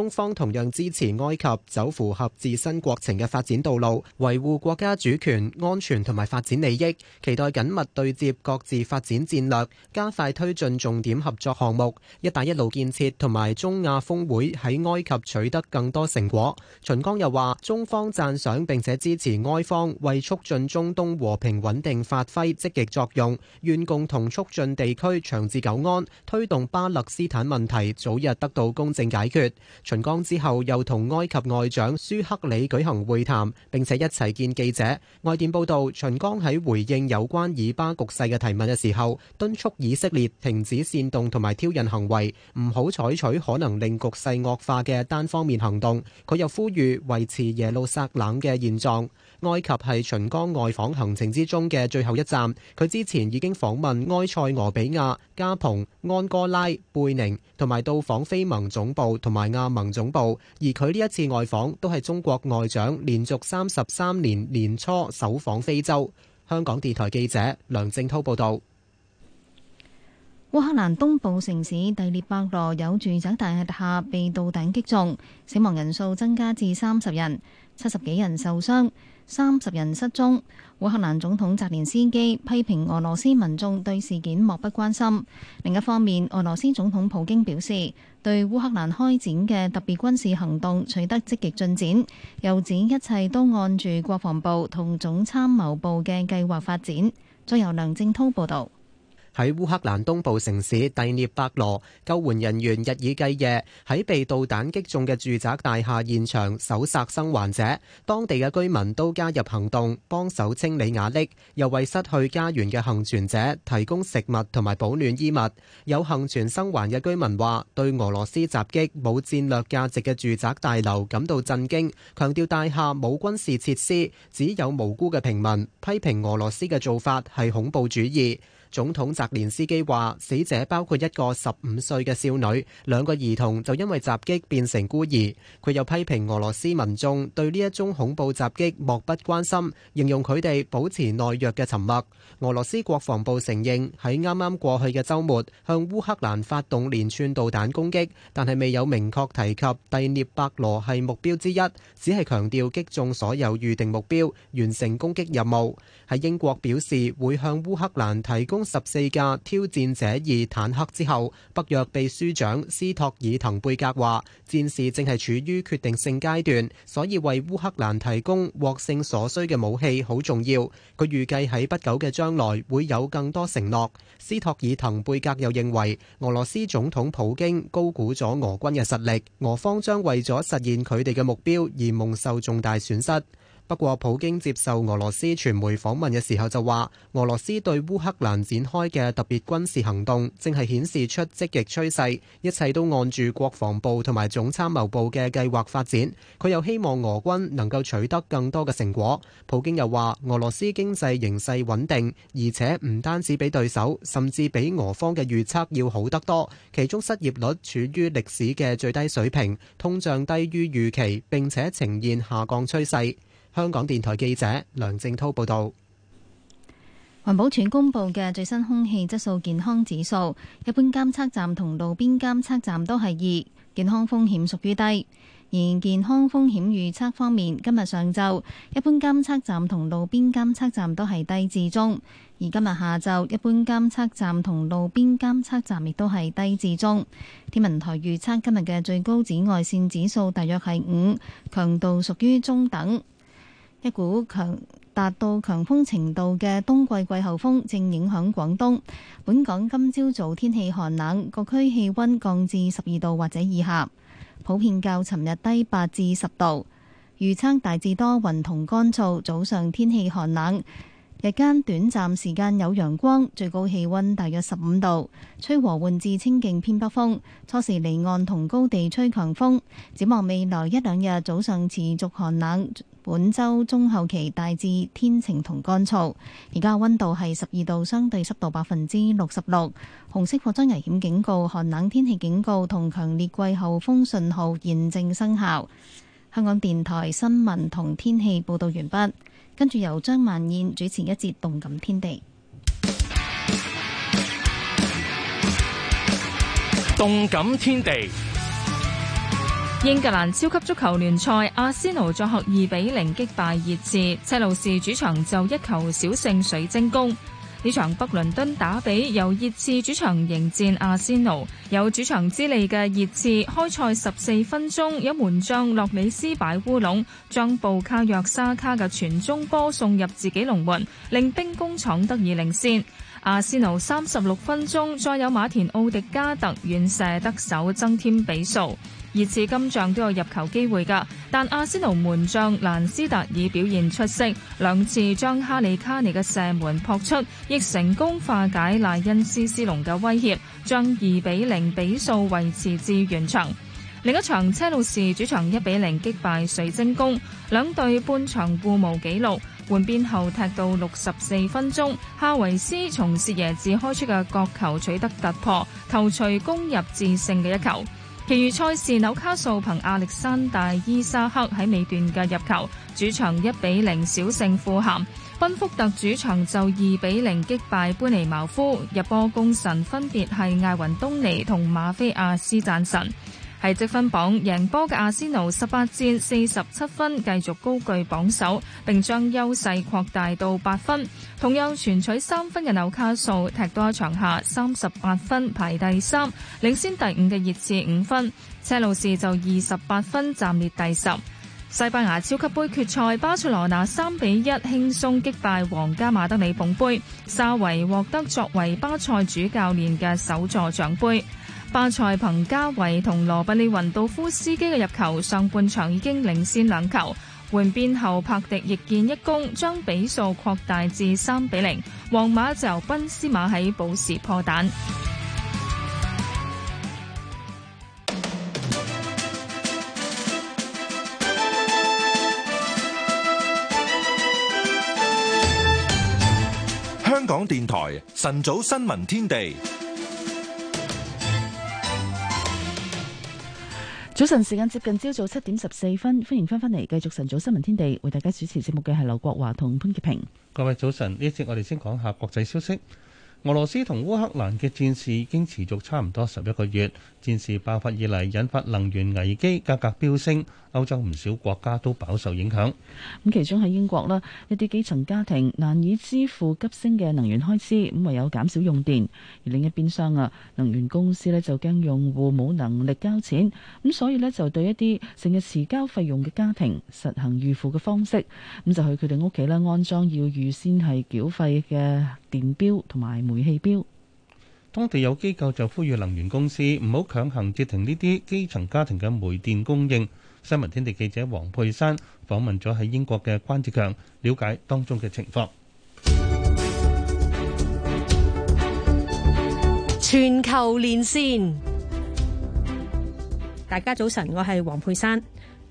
S2: 中方同樣支持埃及走符合自身國情嘅發展道路，維護國家主權、安全同埋發展利益，期待緊密對接各自發展戰略，加快推進重點合作項目，「一帶一路」建設同埋中亞峰會喺埃及取得更多成果。秦剛又話：中方讚賞並且支持埃方為促進中東和平穩定發揮積極作用，願共同促進地區長治久安，推動巴勒斯坦問題早日得到公正解決。秦剛之後又同埃及外長舒克里舉行會談，並且一齊見記者。外電報導，秦剛喺回應有關以巴局勢嘅提問嘅時候，敦促以色列停止煽動同埋挑釁行為，唔好採取可能令局勢惡化嘅單方面行動。佢又呼籲維持耶路撒冷嘅現狀。埃及係秦剛外訪行程之中嘅最後一站，佢之前已經訪問埃塞俄比亞、加蓬、安哥拉、貝寧同埋到訪非盟總部同埋阿盟。總部，而佢呢一次外訪都係中國外長連續三十三年年初首訪非洲。香港電台記者梁正濤報道。
S11: 烏克蘭東部城市第聶伯羅有住宅大廈被導彈擊中，死亡人數增加至三十人，七十幾人受傷，三十人失蹤。烏克蘭總統澤連斯基批評俄羅斯民眾對事件漠不關心。另一方面，俄羅斯總統普京表示，對烏克蘭開展嘅特別軍事行動取得積極進展，又指一切都按住國防部同總參謀部嘅計劃發展。再由梁正濤報道。
S2: 喺烏克蘭東部城市第聶伯羅，救援人員日以繼夜喺被導彈擊中嘅住宅大廈現場搜索生還者。當地嘅居民都加入行動，幫手清理瓦礫，又為失去家園嘅幸存者提供食物同埋保暖衣物。有幸存生還嘅居民話，對俄羅斯襲擊冇戰略價值嘅住宅大樓感到震驚，強調大廈冇軍事設施，只有無辜嘅平民，批評俄羅斯嘅做法係恐怖主義。總統澤連斯基話，死者包括一個十五歲嘅少女，兩個兒童就因為襲擊變成孤兒。佢又批評俄羅斯民眾對呢一宗恐怖襲擊漠不關心，形容佢哋保持懦弱嘅沉默。俄羅斯國防部承認喺啱啱過去嘅周末向烏克蘭發動連串導彈攻擊，但係未有明確提及蒂涅伯羅係目標之一。只係強調擊中所有預定目標，完成攻擊任務。喺英國表示會向烏克蘭提供十四架挑戰者二坦克之後，北約秘書長斯托爾滕貝格話：戰事正係處於決定性階段，所以為烏克蘭提供獲勝所需嘅武器好重要。佢預計喺不久嘅將來會有更多承諾。斯托爾滕貝格又認為俄羅斯總統普京高估咗俄軍嘅實力，俄方將為咗實現佢哋嘅目標而蒙受重大損失。不過，普京接受俄羅斯傳媒訪問嘅時候就話，俄羅斯對烏克蘭展開嘅特別軍事行動正係顯示出積極趨勢，一切都按住國防部同埋總參謀部嘅計劃發展。佢又希望俄軍能夠取得更多嘅成果。普京又話，俄羅斯經濟形勢穩定，而且唔單止比對手，甚至比俄方嘅預測要好得多。其中失業率處於歷史嘅最低水平，通脹低於預期，並且呈現下降趨勢。香港電台記者梁正濤報道，
S11: 環保署公布嘅最新空氣質素健康指數，一般監測站同路邊監測站都係二，健康風險屬於低。而健康風險預測方面，今日上晝一般監測站同路邊監測站都係低至中；而今日下晝一般監測站同路邊監測站亦都係低至中。天文台預測今日嘅最高紫外綫指數大約係五，強度屬於中等。一股強達到強風程度嘅冬季季候風正影響廣東。本港今朝早，早天氣寒冷，各區氣溫降至十二度或者以下，普遍較尋日低八至十度。預測大致多雲同乾燥，早上天氣寒冷，日間短暫時間有陽光，最高氣溫大約十五度，吹和緩至清勁偏北風。初時離岸同高地吹強風，展望未來一兩日早上持續寒冷。本周中後期大致天晴同乾燥，而家溫度係十二度，相對濕度百分之六十六。紅色火災危險警告、寒冷天氣警告同強烈季候風信號現正生效。香港電台新聞同天氣報道完畢，跟住由張曼燕主持一節動感天地。
S3: 動感天地。
S18: 英格蘭超級足球聯賽，阿仙奴作客二比零擊敗熱刺；赤路士主場就一球小勝水晶宮。呢場北倫敦打比由熱刺主場迎戰阿仙奴，有主場之利嘅熱刺開賽十四分鐘有門將洛里斯擺烏龍，將布卡約沙卡嘅傳中波送入自己龍門，令兵工廠得以領先。阿仙奴三十六分鐘再有馬田奧迪加特遠射得手，增添比數。熱刺金像都有入球機會㗎，但阿仙奴門將蘭斯達爾表現出色，兩次將哈里卡尼嘅射門撲出，亦成功化解賴恩斯斯隆嘅威脅，將二比零比數維持至完場。另一場車路士主場一比零擊敗水晶宮，兩隊半場互無紀錄，換邊後踢到六十四分鐘，哈維斯從薛耶治開出嘅角球取得突破，頭槌攻入致勝嘅一球。其餘賽事，紐卡素憑亞歷山大·伊沙克喺尾段嘅入球，主場一比零小勝富咸；賓福特主場就二比零擊敗般尼茅夫，入波功臣分別係艾雲東尼同馬菲亞斯贊臣。係積分榜贏波嘅阿仙奴十八戰四十七分，繼續高踞榜首，並將優勢擴大到八分。同樣全取三分嘅紐卡素踢多一場下三十八分，排第三，領先第五嘅熱刺五分。車路士就二十八分，暫列第十。西班牙超級杯決賽，巴塞羅那三比一輕鬆擊敗皇家馬德里捧杯，沙維獲得作為巴塞主教練嘅首座獎杯。巴塞彭加維同羅本利雲道夫斯基嘅入球，上半場已經領先兩球。換邊後柏，柏迪亦見一攻，將比數擴大至三比零。皇馬就由賓斯馬喺補時破蛋。
S4: 香港電台晨早新聞天地。
S5: 早晨時間接近朝早七點十四分，歡迎翻返嚟繼續晨早新聞天地，為大家主持節目嘅係劉國華同潘潔平。
S6: 各位早晨，呢節我哋先講下國際消息，俄羅斯同烏克蘭嘅戰事已經持續差唔多十一個月。戰事爆發以嚟，引發能源危機，價格飆升，歐洲唔少國家都飽受影響。
S5: 咁其中喺英國啦，一啲基層家庭難以支付急升嘅能源開支，咁唯有減少用電。而另一邊廂啊，能源公司呢就驚用戶冇能力交錢，咁所以呢，就對一啲成日遲交費用嘅家庭實行預付嘅方式，咁就去佢哋屋企呢安裝要預先係繳費嘅電表同埋煤氣表。
S6: 當地有機構就呼籲能源公司唔好強行截停呢啲基層家庭嘅煤電供應。新聞天地記者黃佩珊訪問咗喺英國嘅關志強，了解當中嘅情況。
S19: 全球連
S10: 線，大家早晨，我係黃佩珊。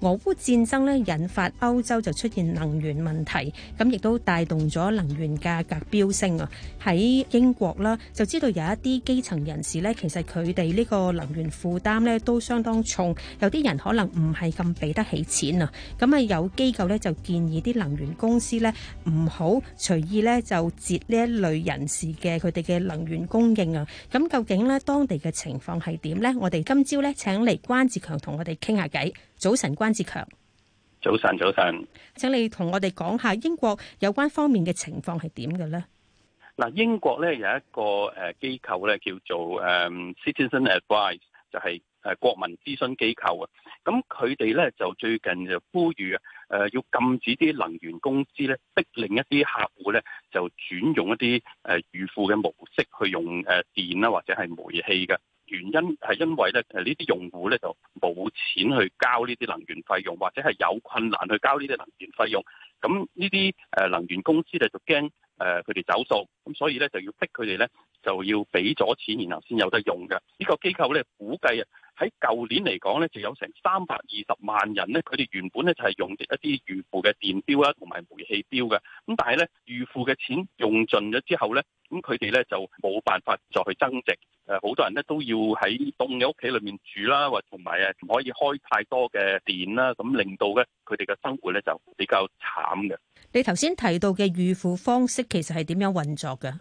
S10: 俄烏戰爭呢，引發歐洲就出現能源問題，咁亦都帶動咗能源價格飆升啊。喺英國啦，就知道有一啲基層人士呢，其實佢哋呢個能源負擔呢都相當重，有啲人可能唔係咁俾得起錢啊。咁啊，有機構呢，就建議啲能源公司呢唔好隨意呢，就截呢一類人士嘅佢哋嘅能源供應啊。咁究竟呢，當地嘅情況係點呢？我哋今朝呢，請嚟關志強同我哋傾下偈。早晨關強，關志
S12: 強。早晨，早晨，
S10: 請你同我哋講下英國有關方面嘅情況係點
S19: 嘅咧？
S12: 嗱，英國咧有一個誒機構咧叫做誒 Citizen Advice，就係誒國民諮詢機構啊。咁佢哋咧就最近就呼籲誒要禁止啲能源公司咧，逼令一啲客戶咧就轉用一啲誒預付嘅模式去用誒電啦，或者係煤氣嘅。原因係因為咧誒呢啲用戶咧就冇錢去交呢啲能源費用，或者係有困難去交呢啲能源費用。咁呢啲誒能源公司咧就驚誒佢哋走數，咁所以咧就要逼佢哋咧。就要俾咗錢，然後先有得用嘅。呢個機構咧，估計啊，喺舊年嚟講咧，就有成三百二十萬人咧，佢哋原本咧就係用一啲預付嘅電表啦，同埋煤氣表嘅。咁但係咧，預付嘅錢用盡咗之後咧，咁佢哋咧就冇辦法再去增值。誒，好多人咧都要喺凍嘅屋企裏面住啦，或同埋啊，唔可以開太多嘅電啦，咁令到咧佢哋嘅生活咧就比較慘嘅。
S10: 你頭先提到嘅預付方式其實係點樣運作嘅？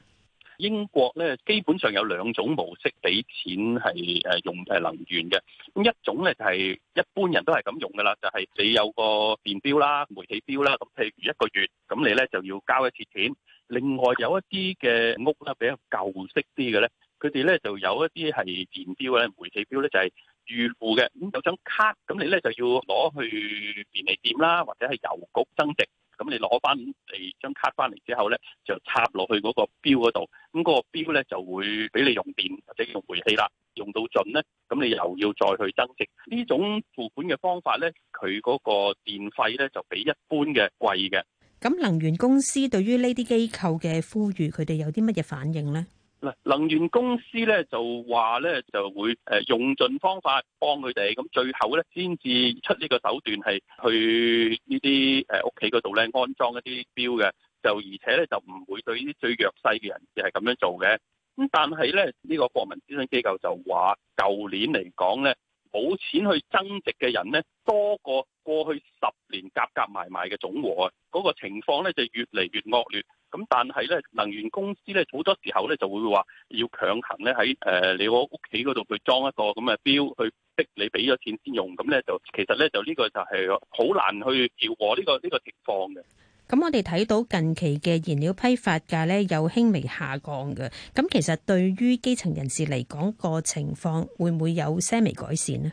S12: 英國咧基本上有兩種模式俾錢係誒用嚟能源嘅，咁一種咧就係、是、一般人都係咁用㗎喇，就係、是、你有個電表啦、煤氣表啦，咁譬如一個月，咁你咧就要交一次錢。另外有一啲嘅屋咧比較舊式啲嘅咧，佢哋咧就有一啲係電表咧、煤氣表咧就係、是、預付嘅，咁有張卡，咁你咧就要攞去便利店啦，或者係郵局增值。咁你攞翻嚟張卡翻嚟之後呢，就插落去嗰個表嗰度，咁嗰個表呢，就會俾你用電或者用煤氣啦，用到盡呢，咁你又要再去增值。呢種付款嘅方法呢，佢嗰個電費呢就比一般嘅貴嘅。
S10: 咁能源公司對於呢啲機構嘅呼籲，佢哋有啲乜嘢反應呢？
S12: 嗱，能源公司咧就話咧就會誒用盡方法幫佢哋，咁最後咧先至出呢個手段係去呢啲誒屋企嗰度咧安裝一啲表嘅，就而且咧就唔會對呢啲最弱勢嘅人士係咁樣做嘅。咁但係咧呢個國民諮詢機構就話，舊年嚟講咧冇錢去增值嘅人咧多過過去十年夾夾埋埋嘅總和啊，嗰個情況咧就越嚟越惡劣。咁但係咧，能源公司咧，好多時候咧就會話要強行咧喺誒你我屋企嗰度去裝一個咁嘅表，去逼你俾咗錢先用。咁咧就其實咧就呢個就係好難去調和呢個呢個情況嘅。
S10: 咁、嗯、我哋睇到近期嘅燃料批發價咧有輕微下降嘅。咁其實對於基層人士嚟講，個情況會唔會有些微改善呢？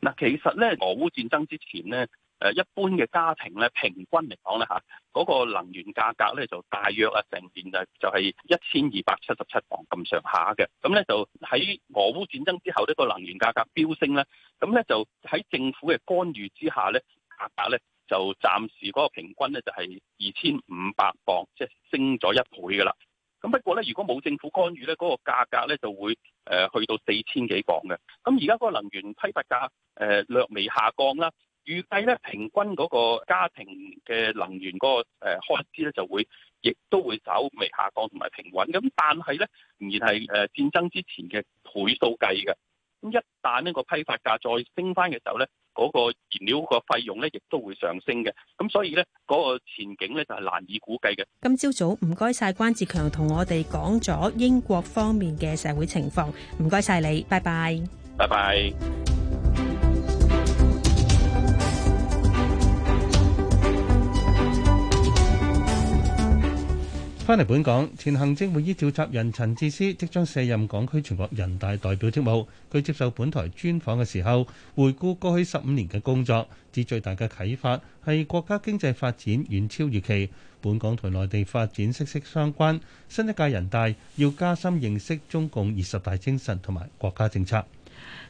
S12: 嗱，其實咧，俄烏戰爭之前咧。誒一般嘅家庭咧，平均嚟講咧嚇，嗰個能源價格咧就大約啊成年就就係一千二百七十七磅咁上下嘅。咁咧就喺俄烏戰爭之後，呢個能源價格飆升咧。咁咧就喺政府嘅干預之下咧，價格咧就暫時嗰個平均咧就係二千五百磅，即係升咗一倍㗎啦。咁不過咧，如果冇政府干預咧，嗰個價格咧就會誒去到四千幾磅嘅。咁而家嗰個能源批發價誒略微下降啦。預計咧，平均嗰個家庭嘅能源嗰個誒開支咧就會，亦都會稍微下降同埋平穩。咁但係咧，仍然係誒戰爭之前嘅倍數計嘅。咁一旦呢個批發價再升翻嘅時候咧，嗰個燃料個費用咧亦都會上升嘅。咁所以咧，嗰個前景咧就係難以估計嘅。
S10: 今朝早唔該晒關志強同我哋講咗英國方面嘅社會情況，唔該晒你，拜拜。
S12: 拜拜。
S10: 翻嚟
S6: 本港，前行政會議召集人陳智思即將卸任港區全國人大代表職務。佢接受本台專訪嘅時候，回顧過去十五年嘅工作，至最大嘅啟發係國家經濟發展遠超預期，本港同內地發展息息相關。新一屆人大要加深認識中共二十大精神同埋國家政策。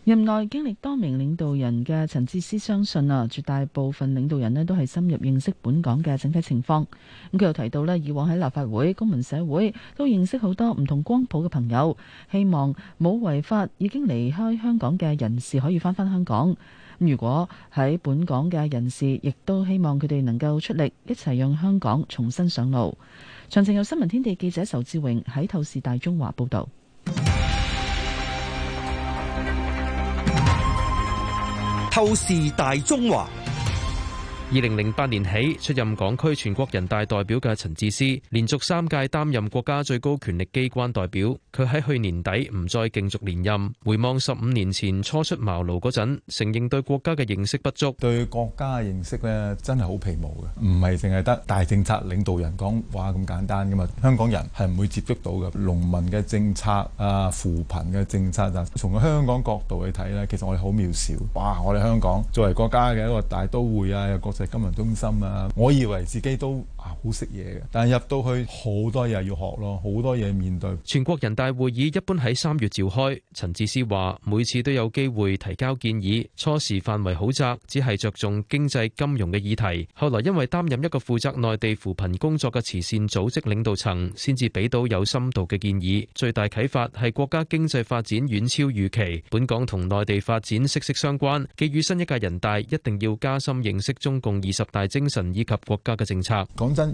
S5: 任內經歷多名領導人嘅陳智思相信啊，絕大部分領導人呢都係深入認識本港嘅整體情況。咁佢又提到呢，以往喺立法會、公民社會都認識好多唔同光譜嘅朋友，希望冇違法已經離開香港嘅人士可以翻返香港。咁如果喺本港嘅人士，亦都希望佢哋能夠出力，一齊讓香港重新上路。詳情由新聞天地記者仇志榮喺透視大中華報道。
S13: 透視大中華。二零零八年起出任港區全國人大代表嘅陳智思連續三屆擔任國家最高權力機關代表。佢喺去年底唔再競逐連任。回望十五年前初出茅廬嗰陣，承認對國家嘅認識不足，對國家嘅認識咧真係好皮毛
S1: 嘅，唔係淨係得大政策領導人講話咁簡單噶嘛。香港人係唔會接觸到嘅農民嘅政策啊、扶貧嘅政策啊，從香港角度去睇咧，其實我哋好渺小。哇！我哋香港作為國家嘅一個大都會啊，就係金融中心啊，我以為自己都好識嘢嘅，但入到去好多嘢要學咯，好多嘢面對。
S13: 全國人大會議一般喺三月召開，陳智思話每次都有機會提交建議。初時範圍好窄，只係着重經濟金融嘅議題。後來因為擔任一個負責內地扶貧工作嘅慈善組織領導層，先至俾到有深度嘅建議。最大啟發係國家經濟發展遠超預期，本港同內地發展息息相關。寄予新一屆人大一定要加深認識中共二十大精神以及國家嘅政策。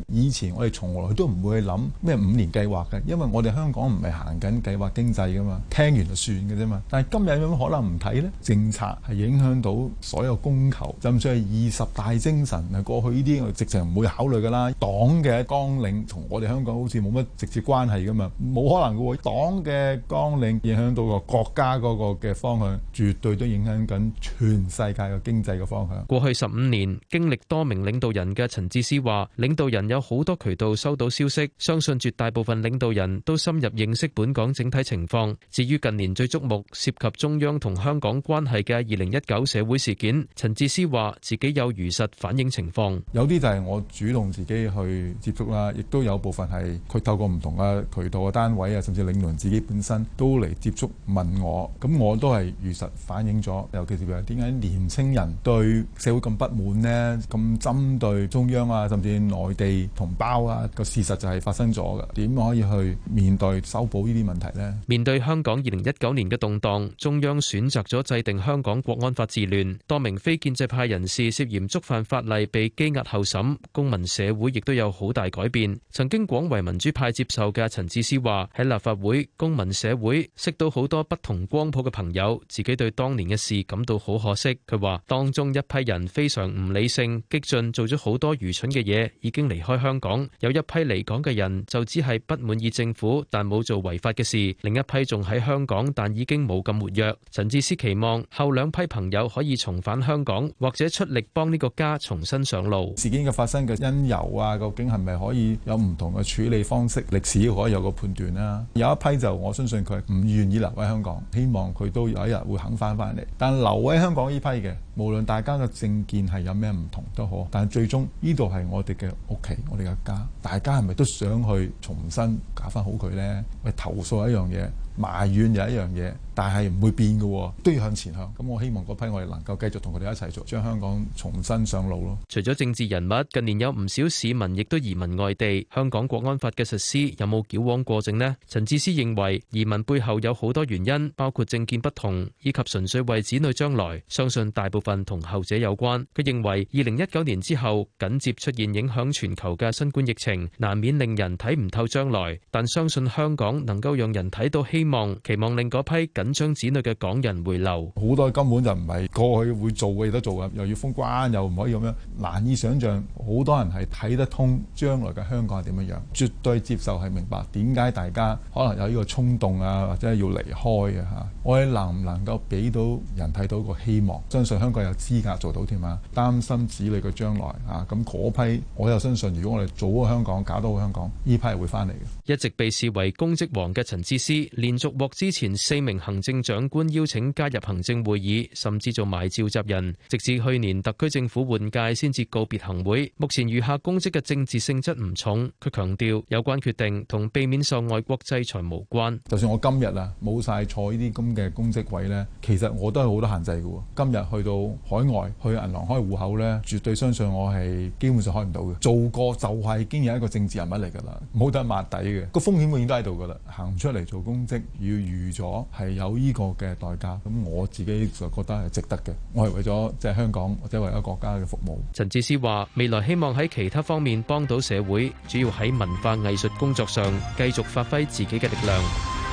S1: 以前我哋從來都唔會去諗咩五年計劃嘅，因為我哋香港唔係行緊計劃經濟噶嘛，聽完就算嘅啫嘛。但係今日有冇可能唔睇咧？政策係影響到所有供求，甚至係二十大精神啊。過去呢啲我直情唔會考慮噶啦。黨嘅綱領同我哋香港好似冇乜直接關係噶嘛，冇可能會黨嘅綱領影響到個國家嗰個嘅方向，絕對都影響緊全世界嘅經濟嘅方向。
S13: 過去十五年經歷多名領導人嘅陳智思話領導。人有好多渠道收到消息，相信絕大部分領導人都深入認識本港整體情況。至於近年最矚目涉及中央同香港關係嘅2019社會事件，陳志思話自己有如實反映情況。
S1: 有啲就係我主動自己去接觸啦，亦都有部分係佢透過唔同嘅渠道嘅單位啊，甚至領導人自己本身都嚟接觸問我，咁我都係如實反映咗。尤其是話點解年青人對社會咁不滿呢，咁針對中央啊，甚至內。地同胞啊，個事實就係發生咗嘅，點可以去面對修補呢啲問題咧？
S13: 面對香港二零一九年嘅動盪，中央選擇咗制定香港國安法治亂。多名非建制派人士涉嫌觸犯法例被羈押候審，公民社會亦都有好大改變。曾經廣為民主派接受嘅陳智思話：喺立法會公民社會識到好多不同光譜嘅朋友，自己對當年嘅事感到好可惜。佢話當中一批人非常唔理性激進，做咗好多愚蠢嘅嘢，已經。離開香港，有一批離港嘅人就只係不滿意政府，但冇做違法嘅事；另一批仲喺香港，但已經冇咁活躍。陳志思期望後兩批朋友可以重返香港，或者出力幫呢個家重新上路。事件嘅發生嘅因由啊，
S1: 究竟係咪可以有唔同嘅處理方式？歷史可以有個判斷啦，啊。有一批就我相信佢唔願意留喺香港，希望佢都有一日會肯翻翻嚟。但留喺香港呢批嘅。無論大家嘅政見係有咩唔同都好，但係最終呢度係我哋嘅屋企，我哋嘅家，大家係咪都想去重新搞返好佢呢？喂，投訴一樣嘢。埋怨有一樣嘢，但係唔會變嘅，都要向前行。咁我希望嗰批我哋能夠繼續同佢哋一齊做，將香港重新上路咯。
S13: 除咗政治人物，近年有唔少市民亦都移民外地。香港國安法嘅實施有冇矯枉過正呢？陳智思認為移民背後有好多原因，包括政見不同，以及純粹為子女將來。相信大部分同後者有關。佢認為二零一九年之後緊接出現影響全球嘅新冠疫情，難免令人睇唔透將來。但相信香港能夠讓人睇到希。希望期望令嗰批緊張子女嘅港人回流，
S1: 好多根本就唔係過去會做嘅嘢都做嘅，又要封關，又唔可以咁樣，難以想象。好多人係睇得通將來嘅香港係點樣樣，絕對接受係明白點解大家可能有呢個衝動啊，或者係要離開啊吓。我哋能唔能夠俾到人睇到個希望？相信香港有資格做到添啊！擔心子女嘅將來啊，咁嗰批，我又相信，如果我哋早好香港，搞到好香港，呢批
S13: 係會翻嚟嘅。一直被視為公職王嘅陳智思連續獲之前四名行政長官邀請加入行政會議，甚至做埋召集人，直至去年特區政府換屆先至告別行會。目前餘下公職嘅政治性質唔重，佢強調有關決定同避免受外國制裁無關。就
S1: 算我今日啊冇晒坐呢啲咁嘅公職位呢，其實我都係好多限制嘅。今日去到海外去銀行開戶口呢，絕對相信我係基本上開唔到嘅。做過就係已經係一個政治人物嚟噶啦，冇得抹底嘅，個風險永遠都喺度噶啦，行唔出嚟做公職。要預咗係有呢個嘅代價，咁我自己就覺得係值得嘅。我係為咗即係香港或者為咗國家嘅服務。
S13: 陳智思話：未來希望喺其他方面幫到社會，主要喺文化藝術工作上繼續發揮自己嘅力量。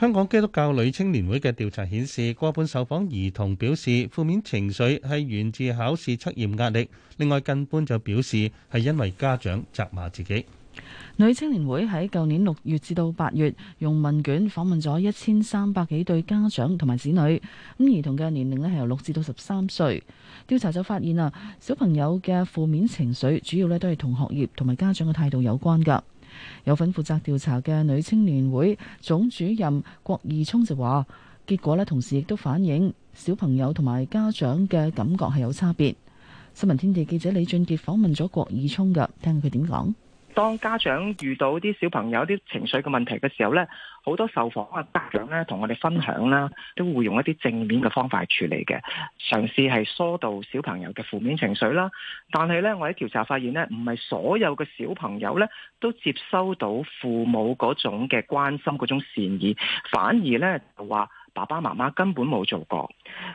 S6: 香港基督教女青年會嘅調查顯示，過半受訪兒童表示負面情緒係源自考試測驗壓力，另外近半就表示係因為家長責罵自己。
S5: 女青年會喺舊年六月至到八月，用問卷訪問咗一千三百幾對家長同埋子女，咁兒童嘅年齡呢係由六至到十三歲。調查就發現啊，小朋友嘅負面情緒主要呢都係同學業同埋家長嘅態度有關㗎。有份負責調查嘅女青年會總主任郭義聰就話，結果呢，同時亦都反映小朋友同埋家長嘅感覺係有差別。新聞天地記者李俊杰訪問咗郭義聰㗎，聽佢點講？
S20: 當家長遇到啲小朋友啲情緒嘅問題嘅時候呢。好多受訪嘅家長咧，同我哋分享啦，都會用一啲正面嘅方法嚟處理嘅，嘗試係疏導小朋友嘅負面情緒啦。但係咧，我喺調查發現咧，唔係所有嘅小朋友咧都接收到父母嗰種嘅關心嗰種善意，反而咧就話。爸爸媽媽根本冇做過，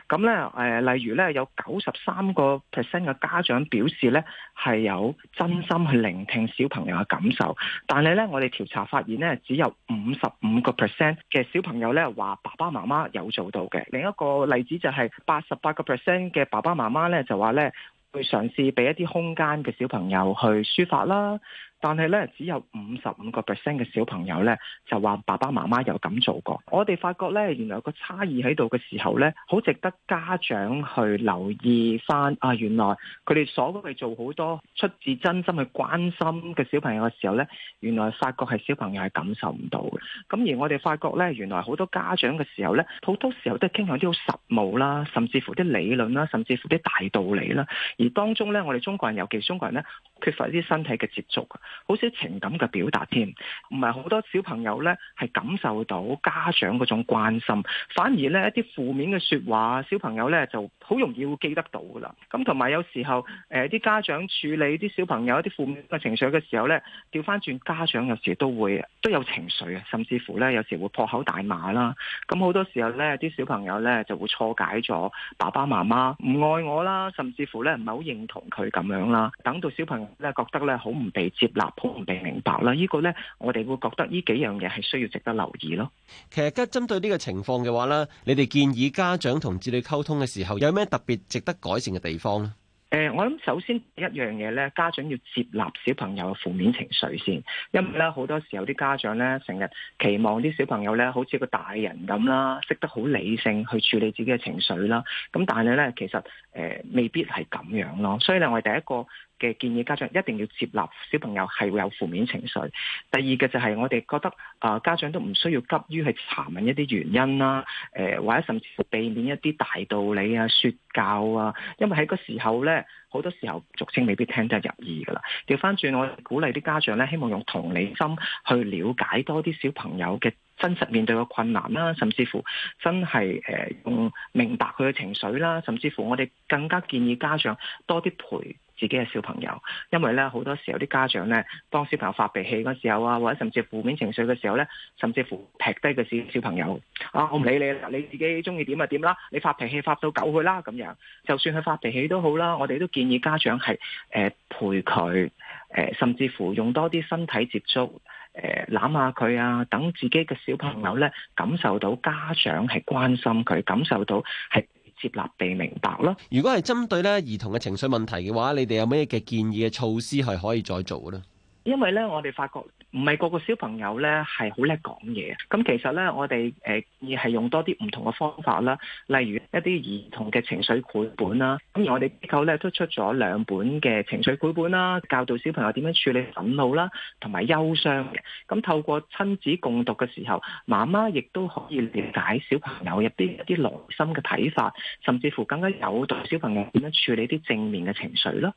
S20: 咁呢誒，例如呢有九十三個 percent 嘅家長表示呢係有真心去聆聽小朋友嘅感受，但係呢我哋調查發現呢只有五十五個 percent 嘅小朋友呢話爸爸媽媽有做到嘅。另一個例子就係八十八個 percent 嘅爸爸媽媽呢就話呢會嘗試畀一啲空間嘅小朋友去抒發啦。但係咧，只有五十五個 percent 嘅小朋友咧，就話爸爸媽媽有咁做過。我哋發覺咧，原來有個差異喺度嘅時候咧，好值得家長去留意返。啊，原來佢哋所謂做好多出自真心去關心嘅小朋友嘅時候咧，原來發覺係小朋友係感受唔到嘅。咁而我哋發覺咧，原來好多家長嘅時候咧，好多時候都係傾向啲好實務啦，甚至乎啲理論啦，甚至乎啲大道理啦。而當中咧，我哋中國人尤其中國人咧，缺乏一啲身體嘅接觸。好少情感嘅表達添，唔係好多小朋友咧，係感受到家長嗰種關心，反而咧，一啲負面嘅說話，小朋友咧，就好容易會記得到噶啦。咁同埋有時候誒啲家長處理啲小朋友一啲負面嘅情緒嘅時候咧，調翻轉，家長有時都會都有情緒啊，甚至乎咧有時會破口大罵啦。咁好多時候咧，啲小朋友咧，就會錯解咗爸爸媽媽唔愛我啦，甚至乎咧唔係好認同佢咁樣啦，等到小朋友咧，覺得咧好唔被接。答普唔明明白啦，呢個呢，我哋會覺得呢幾樣嘢係需要值得留意咯。其實，咁針對呢個情況嘅話呢，你哋建議
S16: 家長同子女溝通嘅時候，有咩特別值得改善嘅地方咧？
S20: 誒、呃，我諗首先一樣嘢呢，家長要接納小朋友嘅負面情緒先，因為呢，好多時候啲家長呢，成日期望啲小朋友呢好似個大人咁啦，識得好理性去處理自己嘅情緒啦。咁但係呢，其實誒、呃、未必係咁樣咯。所以咧，我哋第一個。嘅建議，家長一定要接納小朋友係會有負面情緒。第二嘅就係我哋覺得，啊、呃、家長都唔需要急於去查問一啲原因啦、啊，誒、呃、或者甚至乎避免一啲大道理啊説教啊，因為喺嗰個時候呢，好多時候俗稱未必聽得入耳噶啦。調翻轉，我鼓勵啲家長呢，希望用同理心去了解多啲小朋友嘅真實面對嘅困難啦、啊，甚至乎真係誒、呃、用明白佢嘅情緒啦、啊，甚至乎我哋更加建議家長多啲陪。自己嘅小朋友，因為咧好多時候啲家長咧幫小朋友發脾氣嗰時候啊，或者甚至負面情緒嘅時候咧，甚至乎劈低個小小朋友啊，我唔理你啦，你自己中意點就點啦，你發脾氣發到狗去啦咁樣。就算佢發脾氣都好啦，我哋都建議家長係誒、呃、陪佢，誒、呃、甚至乎用多啲身體接觸誒攬下佢啊，等自己嘅小朋友咧感受到家長係關心佢，感受到係。接納地明白囉。如果係針對咧兒童嘅情緒問題嘅話，你哋有
S16: 咩嘅建議嘅措施係可以再做嘅咧？
S20: 因為咧，我哋發覺唔係個個小朋友咧，係好叻講嘢，咁其實咧，我哋誒而係用多啲唔同嘅方法啦，例如一啲兒童嘅情緒繪本啦，咁而我哋機構咧都出咗兩本嘅情緒繪本啦，教導小朋友點樣處理憤怒啦，同埋憂傷嘅。咁透過親子共讀嘅時候，媽媽亦都可以了解小朋友入邊一啲內心嘅睇法，甚至乎更加誘導小朋友點樣處理啲正面嘅情緒咯。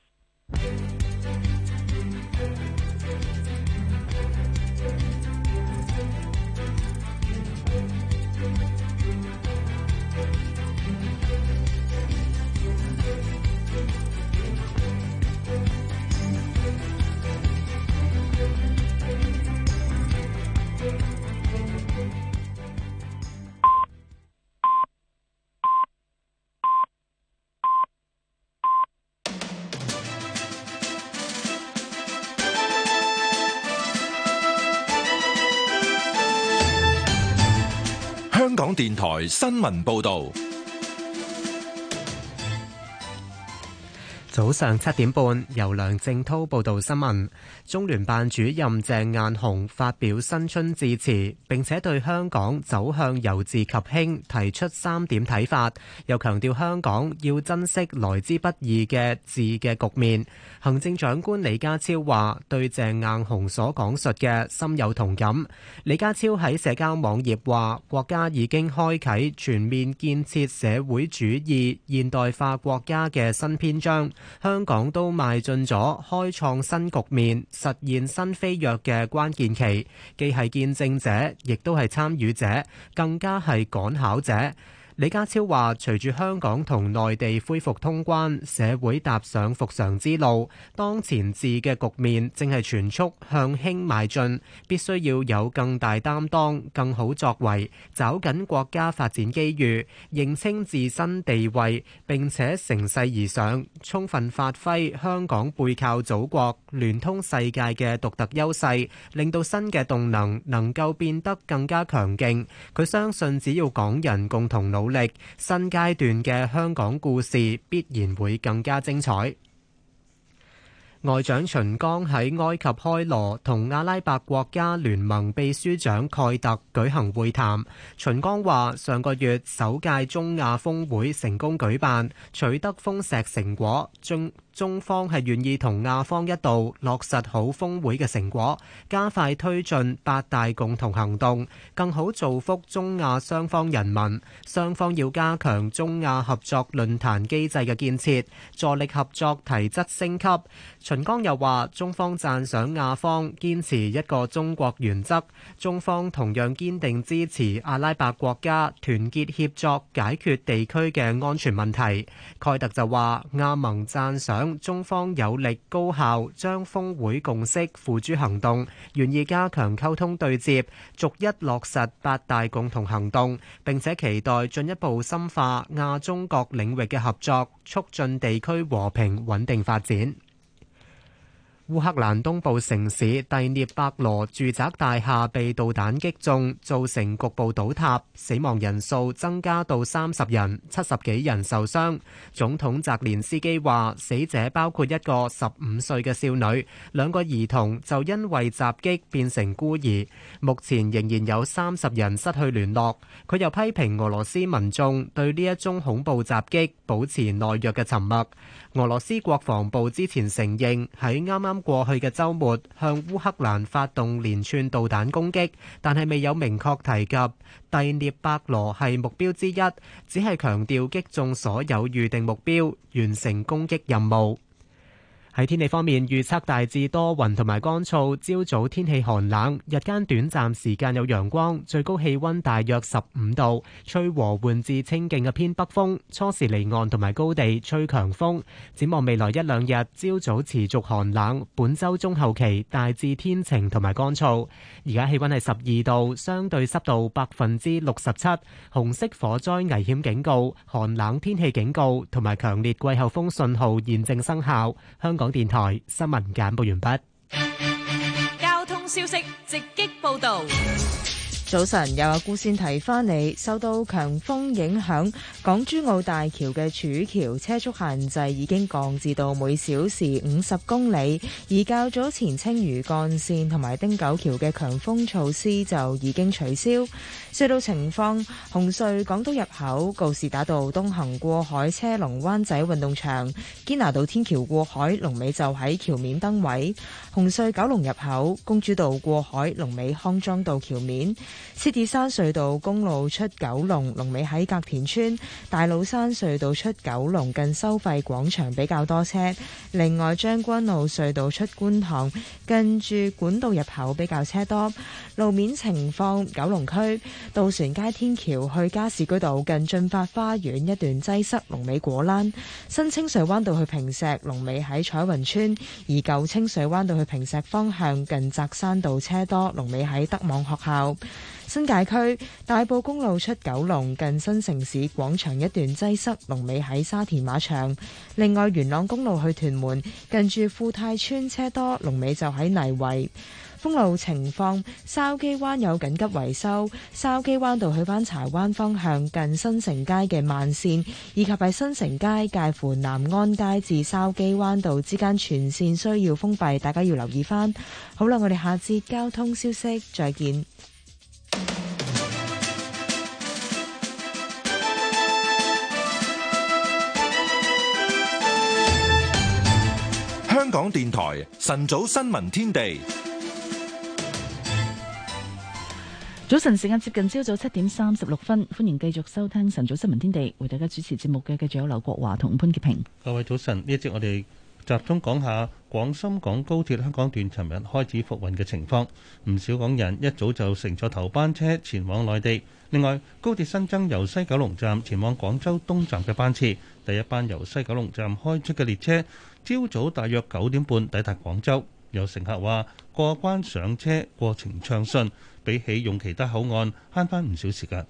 S1: 電台新聞報道。
S2: 早上七點半，由梁正滔報道新聞。中聯辦主任鄭雁雄發表新春致辭，並且對香港走向由治及興提出三點睇法，又強調香港要珍惜來之不易嘅治嘅局面。行政長官李家超話：對鄭雁雄所講述嘅深有同感。李家超喺社交網頁話：國家已經開啟全面建設社會主義現代化國家嘅新篇章。香港都邁進咗開創新局面、實現新飛躍嘅關鍵期，既係見證者，亦都係參與者，更加係趕考者。李家超話，隨住香港同內地恢復通關，社會踏上復常之路，當前治嘅局面正係全速向興邁進，必須要有更大擔當、更好作為，找緊國家發展機遇，認清自身地位，並且乘勢而上，充分發揮香港背靠祖國聯通世界嘅獨特優勢，令到新嘅動能能夠變得更加強勁。佢相信，只要港人共同努力。力新階段嘅香港故事必然會更加精彩。外長秦剛喺埃及開羅同阿拉伯國家聯盟秘書長蓋特舉行會談。秦剛話上個月首屆中亞峰會成功舉辦，取得豐碩成果。中中方係願意同亞方一道落實好峰會嘅成果，加快推進八大共同行動，更好造福中亞雙方人民。雙方要加強中亞合作論壇機制嘅建設，助力合作提質升級。秦剛又話：中方贊賞亞方堅持一個中國原則，中方同樣堅定支持阿拉伯國家團結協作解決地區嘅安全問題，蓋特就話亞盟贊賞。中方有力高效將峰會共識付諸行動，願意加強溝通對接，逐一落實八大共同行動，並且期待進一步深化亞中各領域嘅合作，促進地區和平穩定發展。烏克蘭東部城市第涅伯羅住宅大廈被導彈擊中，造成局部倒塌，死亡人數增加到三十人，七十幾人受傷。總統澤連斯基話，死者包括一個十五歲嘅少女，兩個兒童就因為襲擊變成孤兒。目前仍然有三十人失去聯絡。佢又批評俄羅斯民眾對呢一宗恐怖襲擊保持懦弱嘅沉默。俄羅斯國防部之前承認，喺啱啱過去嘅週末向烏克蘭發動連串導彈攻擊，但係未有明確提及蒂涅伯羅係目標之一，只係強調擊中所有預定目標，完成攻擊任務。喺天氣方面預測大致多雲同埋乾燥，朝早天氣寒冷，日間短暫時間有陽光，最高氣溫大約十五度，吹和緩至清勁嘅偏北風，初時離岸同埋高地吹強風。展望未來一兩日，朝早持續寒冷，本周中後期大致天晴同埋乾燥。而家氣溫係十二度，相對濕度百分之六十七，紅色火災危險警告、寒冷天氣警告同埋強烈季候風信號現正生效，香港。港電台新聞簡報完畢。
S14: 交通消息直擊報道。
S7: 早晨，又話姑先提翻你。受到強風影響，港珠澳大橋嘅主橋車速限制已經降至到每小時五十公里。而較早前青嶼幹線同埋汀九橋嘅強風措施就已經取消。隧道情況，紅隧港島入口告士打道東行過海車龍灣仔運動場，堅拿道天橋過海龍尾就喺橋面燈位；紅隧九龍入口公主道過海龍尾康莊道橋面。獅子山隧道公路出九龍，龍尾喺隔田村；大老山隧道出九龍近收費廣場比較多車。另外將軍澳隧道出觀塘，近住管道入口比較車多。路面情況，九龍區渡船街天橋去加士居道近駿發花園一段擠塞，龍尾果欄；新清水灣道去坪石，龍尾喺彩雲村；而舊清水灣道去坪石方向近扎山道車多，龍尾喺德望學校。新界區大埔公路出九龍近新城市廣場一段擠塞，龍尾喺沙田馬場。另外，元朗公路去屯門近住富泰村車多，龍尾就喺泥圍。封路情況，筲箕灣有緊急維修，筲箕灣道去翻柴灣方向近新城街嘅慢線，以及喺新城街介乎南安街至筲箕灣道之間全線需要封閉，大家要留意翻。好啦，我哋下節交通消息再見。
S4: 香港電台晨早新聞天地，
S5: 早晨時間接近朝早七點三十六分，歡迎繼續收聽晨早新聞天地，為大家主持節目嘅繼續有劉國華同潘潔平。
S6: 各位早晨，呢一節我哋。集中講下廣深港高鐵香港段尋日開始復運嘅情況，唔少港人一早就乘坐頭班車前往內地。另外，高鐵新增由西九龍站前往廣州東站嘅班次，第一班由西九龍站開出嘅列車，朝早大約九點半抵達廣州。有乘客話過關上車過程暢順，比起用其他口岸慳翻唔少時間。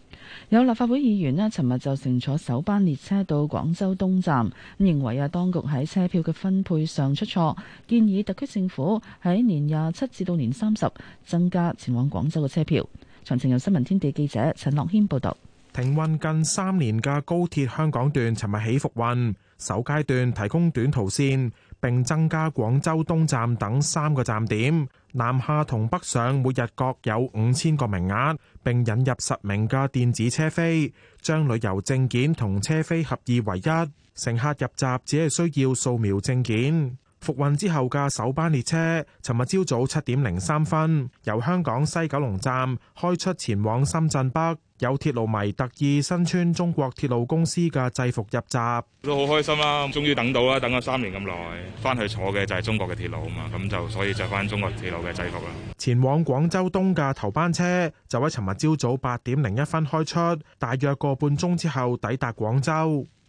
S5: 有立法會議員咧，尋日就乘坐首班列車到廣州東站，認為啊，當局喺車票嘅分配上出錯，建議特區政府喺年廿七至到年三十增加前往廣州嘅車票。詳情由新聞天地記者陳樂軒報道，
S3: 停運近三年嘅高鐵香港段尋日起復運，首階段提供短途線，並增加廣州東站等三個站點。南下同北上每日各有五千個名額，並引入實名嘅電子車飛，將旅遊證件同車飛合二為一，乘客入閘只係需要掃描證件。復運之後嘅首班列車，尋日朝早七點零三分由香港西九龍站開出前往深圳北，有鐵路迷特意身穿中國鐵路公司嘅制服入閘，都好開心啦，終於等到啦，等咗三年咁耐，翻去坐嘅就係中國嘅鐵路啊嘛，咁就所以就翻中國鐵路嘅制服啦。前往廣州東嘅頭班車就喺尋日朝早八點零一分開出，大約個半鐘之後抵達廣州。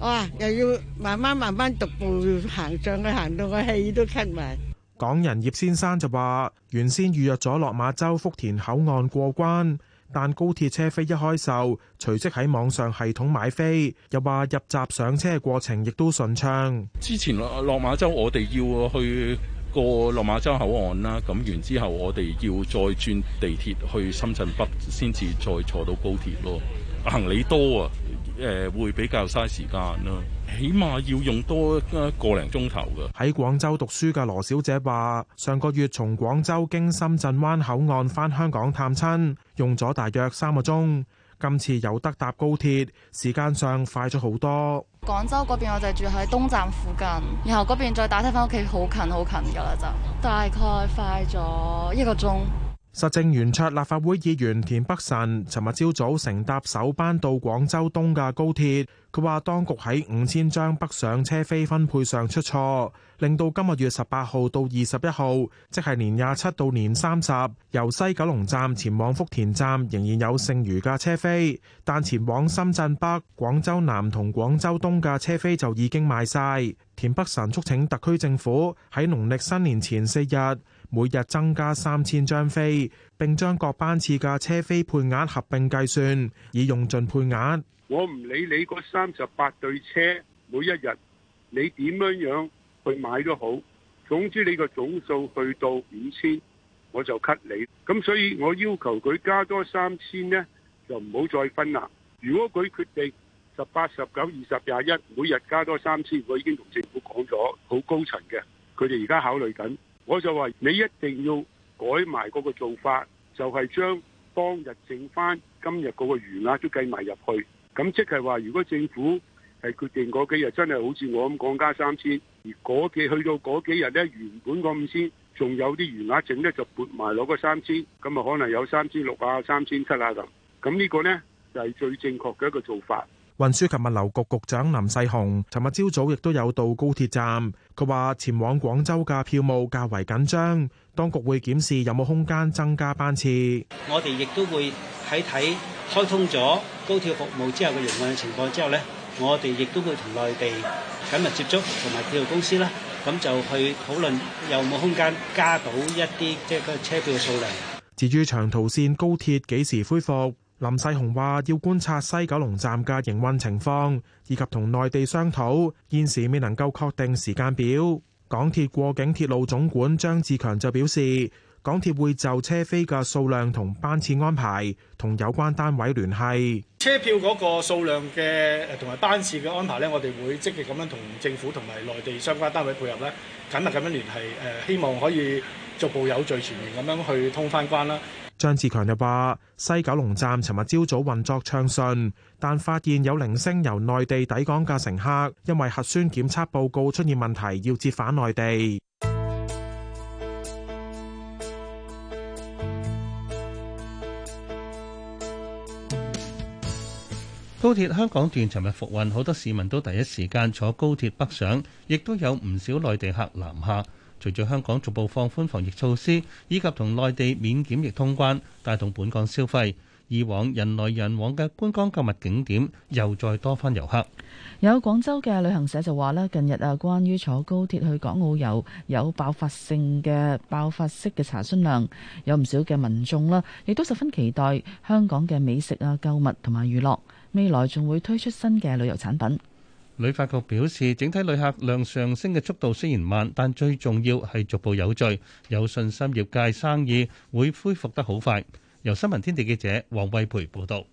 S7: 哇、哦！又要慢慢慢慢逐步行上去，上去行到個氣都咳埋。
S3: 港人葉先生就話，原先預約咗落馬洲福田口岸過關，但高鐵車飛一開售，隨即喺網上系統買飛，又話入閘上車過程亦都順暢。之
S8: 前落馬洲我哋要去過落馬洲口岸啦，咁完之後，我哋要再轉地鐵去深圳北，先至再坐到高鐵咯。行李多啊！誒會比較嘥時間咯，起碼要用多一個零鐘頭嘅。
S3: 喺廣州讀書嘅羅小姐話：上個月從廣州經深圳灣口岸返香港探親，用咗大約三個鐘。今次有得搭高鐵，時間上快咗好多。
S14: 廣州嗰邊我就住喺東站附近，
S5: 然後嗰邊再打車翻屋企，好近好近㗎啦就。大概快咗一個鐘。
S3: 實政圓桌立法會議員田北辰尋日朝早乘搭首班到廣州東嘅高鐵，佢話當局喺五千張北上車飛分配上出錯，令到今個月十八號到二十一號，即係年廿七到年三十，由西九龍站前往福田站仍然有剩餘嘅車飛，但前往深圳北、廣州南同廣州東嘅車飛就已經賣晒。田北辰促請特區政府喺農曆新年前四日。每日增加三千張飛，並將各班次嘅車飛配額合併計算，以用盡配額。
S12: 我唔理你個三十八對車，每一日你點樣樣去買都好，總之你個總數去到五千，我就 cut 你。咁所以，我要求佢加多三千呢，就唔好再分啦。如果佢決定十八、十九、二十、廿一，每日加多三千，我已經同政府講咗，好高層嘅，佢哋而家考慮緊。我就話你一定要改埋嗰個做法，就係將當日剩翻，今日嗰個餘額都計埋入去。咁即係話，如果政府係決定嗰幾日真係好似我咁講加三千，而嗰幾去到嗰幾日呢，原本個五千仲有啲餘額剩呢，就撥埋攞個三千，咁啊可能有三千六啊、三千七啊咁。咁呢個呢，就係最正確
S3: 嘅一個做法。運輸及物流局局長林世雄尋日朝早亦都有到高鐵站，佢話前往廣州嘅票務較為緊張，當局會檢視有冇空間增加班次。
S16: 我哋亦都會睇睇開通咗高鐵服務之後嘅營運情況之後呢，我哋亦都會同內地緊密接觸，同埋鐵路公司啦，咁就去討論有冇空間加到一啲即係嗰個車票數
S3: 量。至於長途線高鐵幾時恢復？林世雄話：要觀察西九龍站嘅營運情況，以及同內地商討，現時未能夠確定時間表。港鐵過境鐵路總管張志強就表示，港鐵會就車飛嘅數量同班次安排，同有關單位聯繫。
S4: 車票嗰個數量嘅，同埋班次嘅安排呢，我哋會積極咁樣同政府同埋內地相關單位配合呢，緊密緊密聯繫，誒，希望可以逐步有序全面咁樣去通翻關啦。
S3: 張志強又話：西九龍站尋日朝早運作暢順，但發現有零星由內地抵港嘅乘客，因為核酸檢測報告出現問題，要折返內地。
S6: 高鐵香港段尋日復運，好多市民都第一時間坐高鐵北上，亦都有唔少內地客南下。隨住香港逐步放寬防疫措施，以及同內地免檢疫通關，帶動本港消費。以往人來人往嘅觀光購物景點又再多返遊客。
S5: 有廣州嘅旅行社就話咧，近日啊，關於坐高鐵去港澳遊有爆發性嘅爆發式嘅查詢量，有唔少嘅民眾啦，亦都十分期待香港嘅美食啊、購物同埋娛樂。未來仲會推出新嘅旅遊產品。
S6: 旅發局表示，整體旅客量上升嘅速度雖然慢，但最重要係逐步有序，有信心業界生意會恢復得好快。由新聞天地記者王慧培報道。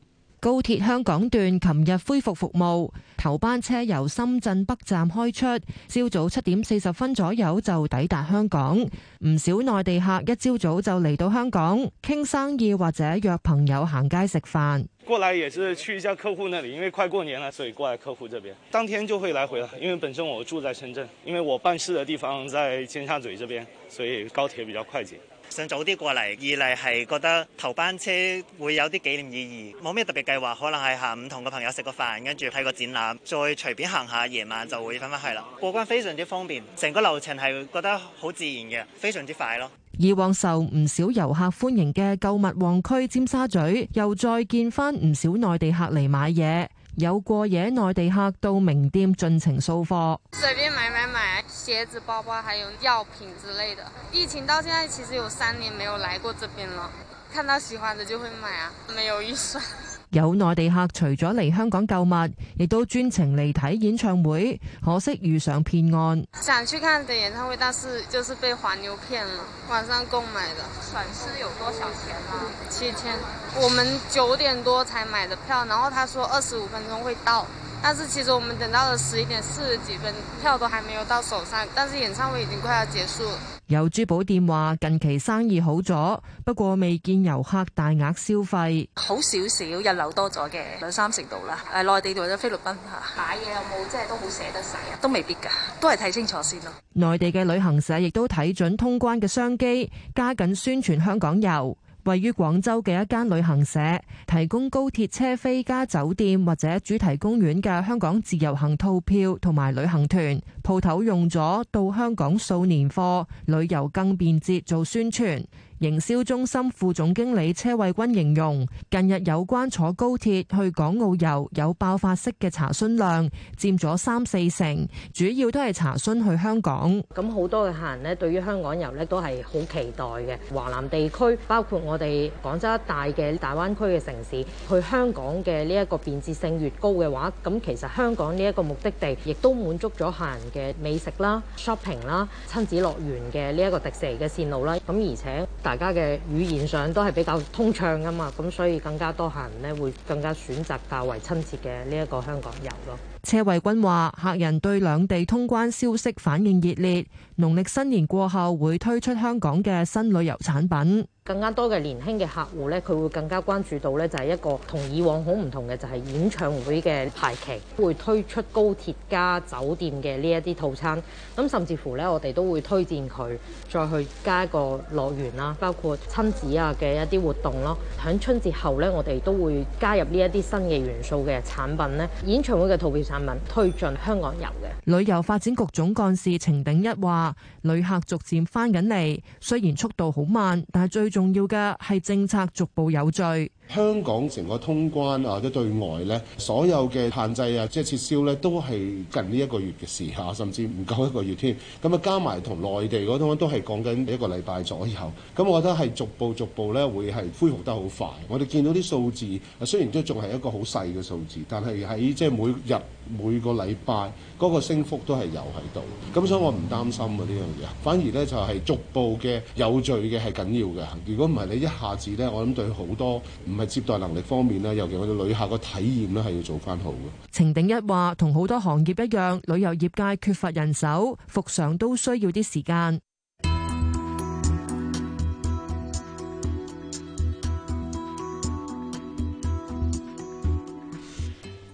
S14: 高鐵香港段琴日恢復服務，頭班車由深圳北站開出，朝早七點四十分左右就抵達香港。唔少內地客一朝早就嚟到香港，傾生意或者約朋友行街食飯。
S4: 過來也是去一下客戶那裏，因為快過年了，所以過來客戶這邊。當天就會來回啦，因為本身我住在深圳，因為我辦事的地方在尖沙咀這邊，所以高鐵比較快捷。想早啲過嚟，二嚟係覺得頭班車會有啲紀念意義，冇咩特別計劃，可能係下午同個朋友食個飯，跟住睇個展覽，再隨便行下，夜晚就會返返去啦。過關非常之方便，成個流程係覺得好自然嘅，非常之快咯。
S14: 以往受唔少遊客歡迎嘅購物旺區尖沙咀，又再見翻唔少內地客嚟買嘢。有過夜內地客到名店盡情掃貨，隨便買買買，鞋子、包包，還有藥品之類的。疫情到現在其實有三年沒有來過這邊了，看到喜歡的就會買啊，沒有預算。 <laughs> 有內地客除咗嚟香港購物，亦都專程嚟睇演唱會，可惜遇上騙案。想去看的演唱會，但是就是被黃牛騙了，網上購買的。損失有多少錢啊、嗯？七千。嗯、我們九點多才買的票，然後他說二十五分鐘會到。但是其實我們等到了十一點四十幾分，票都還沒有到手上，但是演唱會已經快要結束。有珠寶店話近期生意好咗，不過未見遊客大額消費，
S18: 好少少，人流多咗嘅，兩三成度啦。誒，內地或者菲律賓吓、啊、買嘢有冇？即係都好捨得使，都未必噶，都係睇清楚
S11: 先咯。
S14: 內地嘅旅行社亦都睇準通關嘅商機，加緊宣傳香港遊。位於廣州嘅一間旅行社，提供高鐵車飛加酒店或者主題公園嘅香港自由行套票同埋旅行團，鋪頭用咗到香港掃年貨，旅遊更便捷，做宣傳。營銷中心副總經理車衛君形容，近日有關坐高鐵去港澳遊有爆發式嘅查詢量佔，佔咗三四成，主要都係查詢去香港。
S19: 咁好多嘅客人咧，對於香港遊咧都係好期待嘅。華南地區包括我哋廣州一帶嘅大灣區嘅城市，去香港嘅呢一個便捷性越高嘅話，咁其實香港呢一個目的地亦都滿足咗客人嘅美食啦、shopping 啦、親子樂園嘅呢一個迪士尼嘅線路啦。咁而且大家嘅語言上都係比較通暢㗎嘛，咁所以更加多客人咧會更加選擇較為親切嘅呢一個香港遊咯。
S14: 車惠君話：客人對兩地通關消息反應熱烈，農曆新年過後會推出香港嘅新旅遊產品。
S19: 更加多嘅年輕嘅客戶咧，佢會更加關注到咧，就係一個同以往好唔同嘅，就係演唱會嘅排期會推出高鐵加酒店嘅呢一啲套餐。咁甚至乎咧，我哋都會推薦佢再去加一個樂園啦，包括親子啊嘅一啲活動咯。響春節後咧，我哋都會加入呢一啲新嘅元素嘅產品咧，演唱會嘅圖片人推進香港
S14: 遊嘅旅遊發展局總幹事程鼎一話，旅客逐漸翻緊嚟，雖然速度好慢，但係最重要嘅係政策逐步有序。
S16: 香港成個通關啊，即係對外呢所有嘅限制啊，即係撤銷呢，都係近呢一個月嘅事下，甚至唔夠一個月添。咁啊，加埋同內地嗰通關都係講緊一個禮拜左右。咁我覺得係逐步逐步呢，會係恢復得好快。我哋見到啲數字，雖然都仲係一個好細嘅數字，但係喺即係每日每個禮拜嗰個升幅都係有喺度。咁所以我唔擔心啊呢樣嘢，反而呢，就係逐步嘅有序嘅係緊要嘅。如果唔係你一下子呢，我諗對好多喺接待能力方面咧，尤其我哋旅客嘅體驗咧，係要做翻好嘅。
S14: 程鼎一話，同好多行業一樣，旅遊業界缺乏人手，復常都需要啲時間。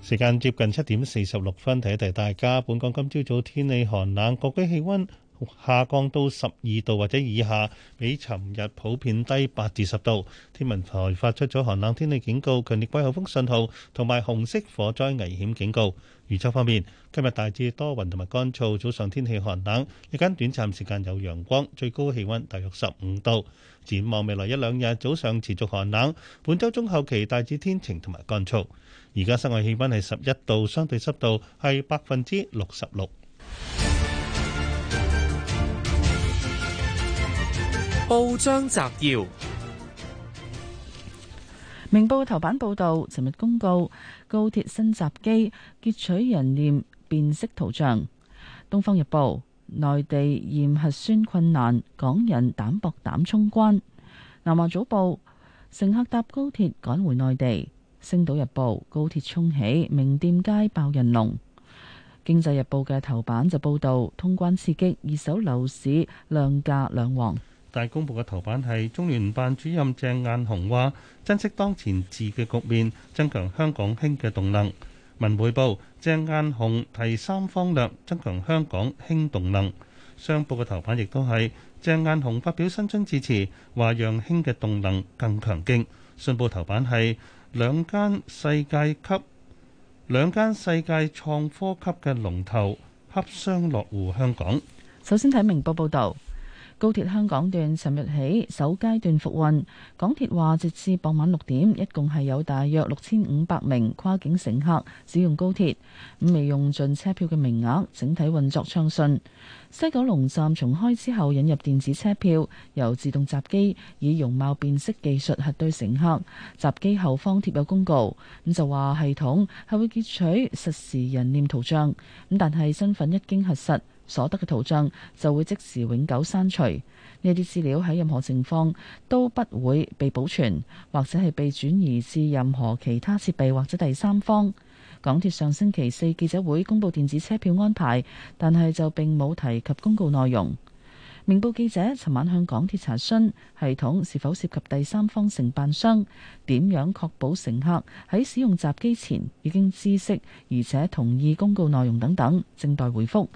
S6: 時間接近七點四十六分，提一提大家，本港今朝早，早天氣寒冷，各區氣溫。下降到十二度或者以下，比尋日普遍低八至十度。天文台發出咗寒冷天氣警告、強烈季候風信號，同埋紅色火災危險警告。預測方面，今日大致多雲同埋乾燥，早上天氣寒冷，日間短暫時間有陽光，最高氣温大約十五度。展望未來一兩日，早上持續寒冷，本周中後期大致天晴同埋乾燥。而家室外氣温係十一度，相對濕度係百分之六十六。
S5: 報章摘要：明報頭版報道，尋日公告高鐵新閘機劫取人臉辨識圖像。東方日報，內地驗核酸困難，港人膽薄膽衝關。南華早報乘客搭高鐵趕回內地。星島日報高鐵衝起，名店街爆人龍。經濟日報嘅頭版就報道通關刺激，二手樓市量價兩旺。
S6: 大公報嘅頭版係中聯辦主任鄭雁雄話：珍惜當前治嘅局面，增強香港興嘅動能。文匯報，鄭雁雄提三方略，增強香港興動能。商報嘅頭版亦都係鄭雁雄發表新春致辭，話讓興嘅動能更強勁。信報頭版係兩間世界級、兩間世界創科級嘅龍頭洽商落戶香港。
S5: 首先睇明報報道。高鐵香港段尋日起首階段復運，港鐵話截至傍晚六點，一共係有大約六千五百名跨境乘客使用高鐵，未用盡車票嘅名額，整體運作暢順。西九龍站重開之後引入電子車票，由自動閘機以容貌辨識技術核對乘客，閘機後方貼有公告，咁就話系統係會截取實時人臉圖像，咁但係身份一經核實，所得嘅圖像就會即時永久刪除，呢啲資料喺任何情況都不會被保存，或者係被轉移至任何其他設備或者第三方。港鐵上星期四記者會公佈電子車票安排，但係就並冇提及公告內容。明報記者尋晚向港鐵查詢，系統是否涉及第三方承辦商，點樣確保乘客喺使用閘機前已經知悉而且同意公告內容等等，正待回覆。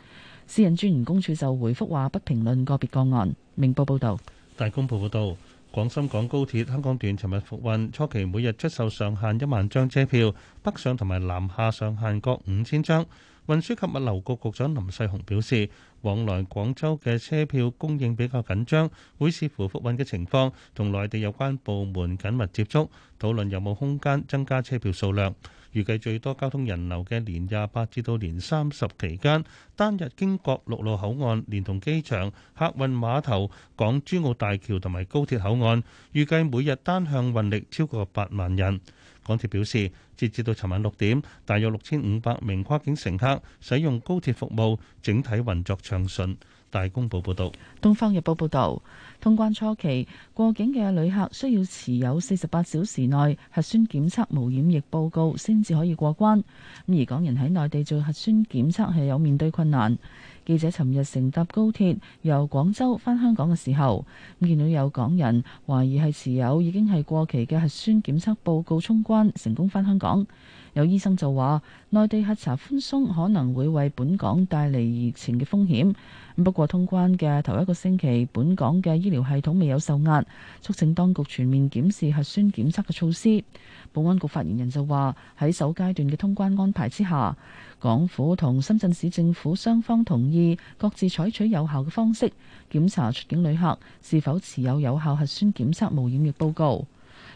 S5: 私隱專員公署就回覆話不評論個別個案。明報報道，
S6: 大公報報道，廣深港高鐵香港段尋日復運，初期每日出售上限一萬張車票，北上同埋南下上限各五千張。運輸及物流局局長林世雄表示，往來廣州嘅車票供應比較緊張，會視乎復運嘅情況，同內地有關部門緊密接觸，討論有冇空間增加車票數量。預計最多交通人流嘅年廿八至到年三十期間，單日經國六路口岸、連同機場、客運碼頭、港珠澳大橋同埋高鐵口岸，預計每日單向運力超過八萬人。港鐵表示，截至到尋晚六點，大約六千五百名跨境乘客使用高鐵服務，整體運作暢順。大公報報道，
S5: 東方日報報道，通關初期過境嘅旅客需要持有四十八小時內核酸檢測無染疫報告先至可以過關。咁而港人喺內地做核酸檢測係有面對困難。記者尋日乘搭高鐵由廣州返香港嘅時候，咁見到有港人懷疑係持有已經係過期嘅核酸檢測報告衝關，成功返香港。有醫生就話，內地核查寬鬆可能會為本港帶嚟疫情嘅風險。不過通關嘅頭一個星期，本港嘅醫療系統未有受壓，促請當局全面檢視核酸檢測嘅措施。保安局發言人就話，喺首階段嘅通關安排之下，港府同深圳市政府雙方同意各自採取有效嘅方式檢查出境旅客是否持有有效核酸檢測無染疫報告。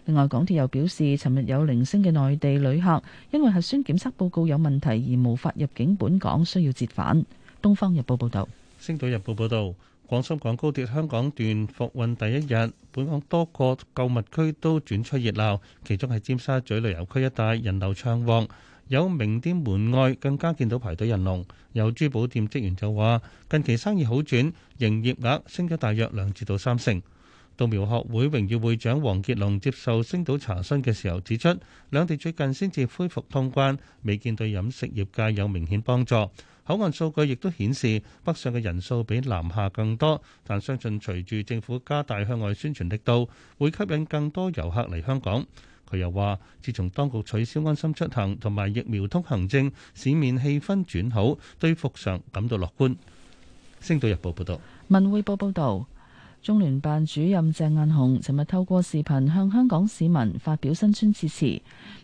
S5: 另外，港鐵又表示，尋日有零星嘅內地旅客因為核酸檢測報告有問題而無法入境本港，需要折返。《東方日報》報導，《
S6: 星島日報》報導，廣深港高鐵香港段復運第一日，本港多個購物區都轉出熱鬧，其中係尖沙咀旅遊區一帶人流暢旺，有名店門外更加見到排隊人龍。有珠寶店職員就話：近期生意好轉，營業額升咗大約兩至到三成。稻苗學會榮譽會長黃傑龍接受星島查詢嘅時候指出，兩地最近先至恢復通關，未見對飲食業界有明顯幫助。口岸數據亦都顯示，北上嘅人數比南下更多，但相信隨住政府加大向外宣傳力度，會吸引更多遊客嚟香港。佢又話，自從當局取消安心出行同埋疫苗通行證，市面氣氛轉好，對復常感到樂觀。星島日報報道，
S5: 文匯報報道。中聯辦主任鄭雁雄尋日透過視頻向香港市民發表新春致辭。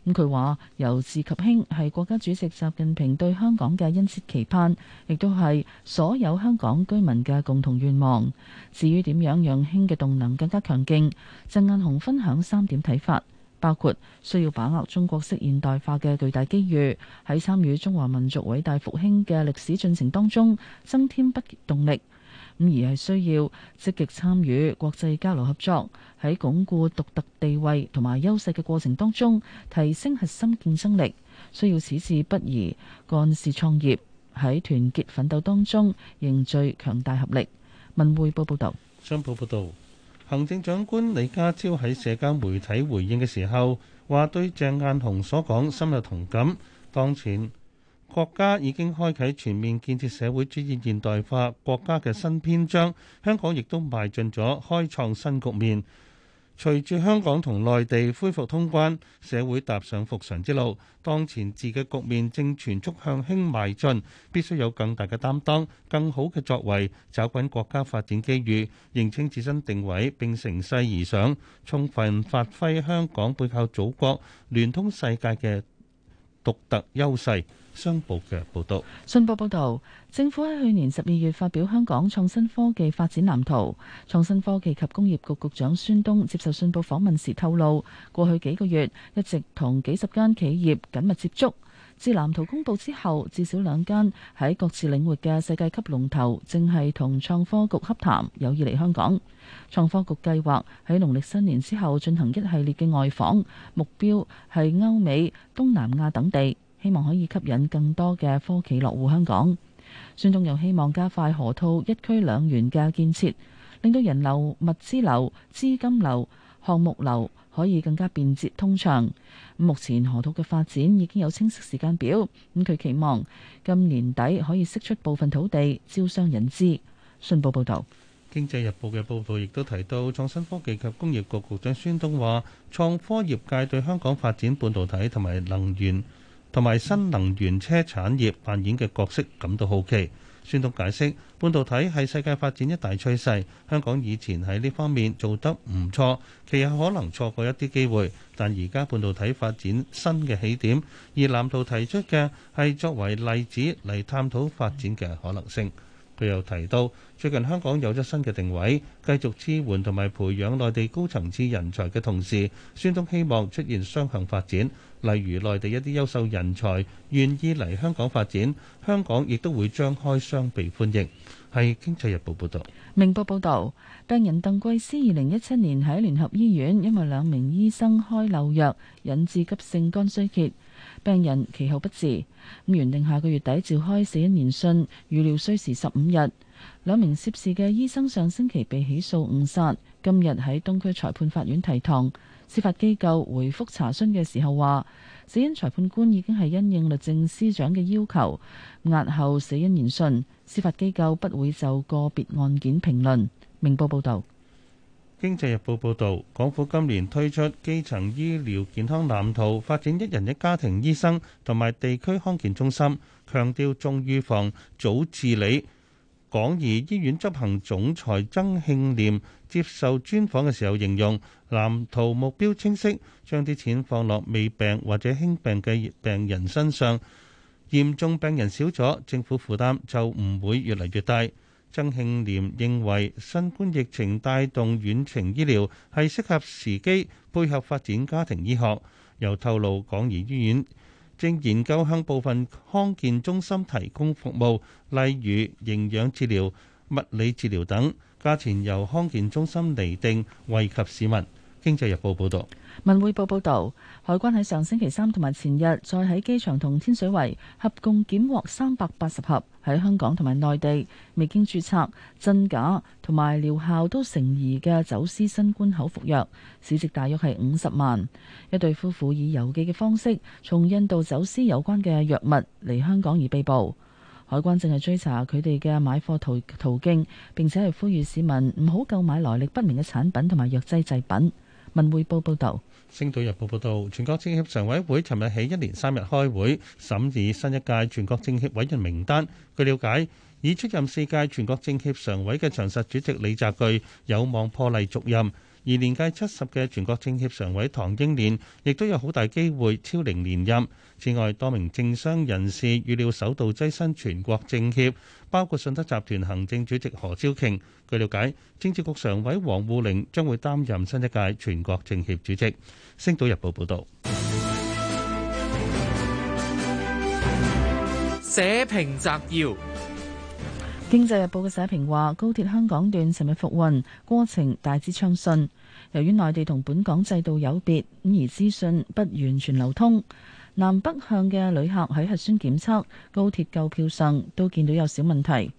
S5: 咁佢話：由治及興係國家主席習近平對香港嘅殷切期盼，亦都係所有香港居民嘅共同願望。至於點樣讓興嘅動能更加強勁，鄭雁雄分享三點睇法，包括需要把握中國式現代化嘅巨大機遇，喺參與中華民族偉大復興嘅歷史進程當中增添不竭動力。咁而係需要積極參與國際交流合作，喺鞏固獨特地位同埋優勢嘅過程當中，提升核心競爭力，需要矢志不移幹事創業，喺團結奮鬥當中凝聚強大合力。文匯報報道，
S6: 商報報道，行政長官李家超喺社交媒體回應嘅時候，話對鄭雁雄所講深有同感，當前，國家已經開啓全面建設社會主義現代化國家嘅新篇章，香港亦都邁進咗開創新局面。隨住香港同內地恢復通關，社會踏上復常之路，當前治嘅局面正全速向興邁進，必須有更大嘅擔當、更好嘅作為，抓緊國家發展機遇，認清自身定位，並乘勢而上，充分發揮香港背靠祖國、聯通世界嘅獨特優勢。信報嘅報道。
S5: 信報報道，政府喺去年十二月發表《香港創新科技發展藍圖》，創新科技及工業局局長孫東接受信報訪問時透露，過去幾個月一直同幾十間企業緊密接觸。自藍圖公布之後，至少兩間喺各自領域嘅世界級龍頭正係同創科局洽談有意嚟香港。創科局計劃喺農曆新年之後進行一系列嘅外訪，目標係歐美、東南亞等地。希望可以吸引更多嘅科企落戶香港。孫仲又希望加快河套一區兩園嘅建設，令到人流、物資流、資金流、項目流可以更加便捷通暢。目前河套嘅發展已經有清晰時間表。咁佢期望今年底可以釋出部分土地招商引資。信報報道，
S6: 《經濟日報》嘅報道亦都提到，創新科技及工業局局長孫東話，創科業界對香港發展半導體同埋能源。同埋新能源車產業扮演嘅角色感到好奇。孫東解釋，半導體係世界發展一大趨勢，香港以前喺呢方面做得唔錯，其實可能錯過一啲機會。但而家半導體發展新嘅起點，而藍圖提出嘅係作為例子嚟探討發展嘅可能性。佢又提到，最近香港有咗新嘅定位，繼續支援同埋培養內地高層次人才嘅同時，孫東希望出現雙向發展，例如內地一啲優秀人才願意嚟香港發展，香港亦都會張開雙臂歡迎。係經濟日報報道。
S5: 明報報道，病人鄧桂思二零一七年喺聯合醫院，因為兩名醫生開漏藥引致急性肝衰竭。病人其後不治，咁原定下個月底召開死因研訊，預料需時十五日。兩名涉事嘅醫生上星期被起訴誤殺，今日喺東區裁判法院提堂。司法機構回覆查詢嘅時候話，死因裁判官已經係因應律政司長嘅要求，押後死因研訊。司法機構不會就個別案件評論。明報報道。
S6: 經濟日報報導，港府今年推出基層醫療健康藍圖，發展一人一家庭醫生同埋地區康健中心，強調重預防、早治理。港怡醫院執行總裁曾慶廉接受專訪嘅時候形容，藍圖目標清晰，將啲錢放落未病或者輕病嘅病人身上，嚴重病人少咗，政府負擔就唔會越嚟越大。曾慶廉認為，新冠疫情帶動遠程醫療係適合時機，配合發展家庭醫學，又透露，港怡醫院正研究向部分康健中心提供服務，例如營養治療、物理治療等，價錢由康健中心厘定，惠及市民。經濟日報報道，
S5: 文匯報報道，海關喺上星期三同埋前日，再喺機場同天水圍合共檢獲三百八十盒。喺香港同埋內地未經註冊、真假同埋療效都成疑嘅走私新冠口服藥，市值大約係五十萬。一對夫婦以郵寄嘅方式從印度走私有關嘅藥物嚟香港而被捕。海關正係追查佢哋嘅買貨途途徑，並且係呼籲市民唔好購買來歷不明嘅產品同埋藥劑製品。文匯報報道，
S6: 《星島日報》報道，全國政協常委會尋日起一連三日開會審議新一屆全國政協委員名單。據了解，已出任四屆全國政協常委嘅長實主席李澤钜有望破例續任。而年屆七十嘅全國政協常委唐英年，亦都有好大機會超齡連任。此外，多名政商人士預料首度躋身全國政協，包括信德集團行政主席何超瓊。據瞭解，政治局常委王滬寧將會擔任新一屆全國政協主席。星島日報報導。
S3: 社評摘要。
S5: 經濟日報嘅社評話：高鐵香港段尋日復運，過程大致暢順。由於內地同本港制度有別，而資訊不完全流通。南北向嘅旅客喺核酸檢測、高鐵購票上都見到有小問題。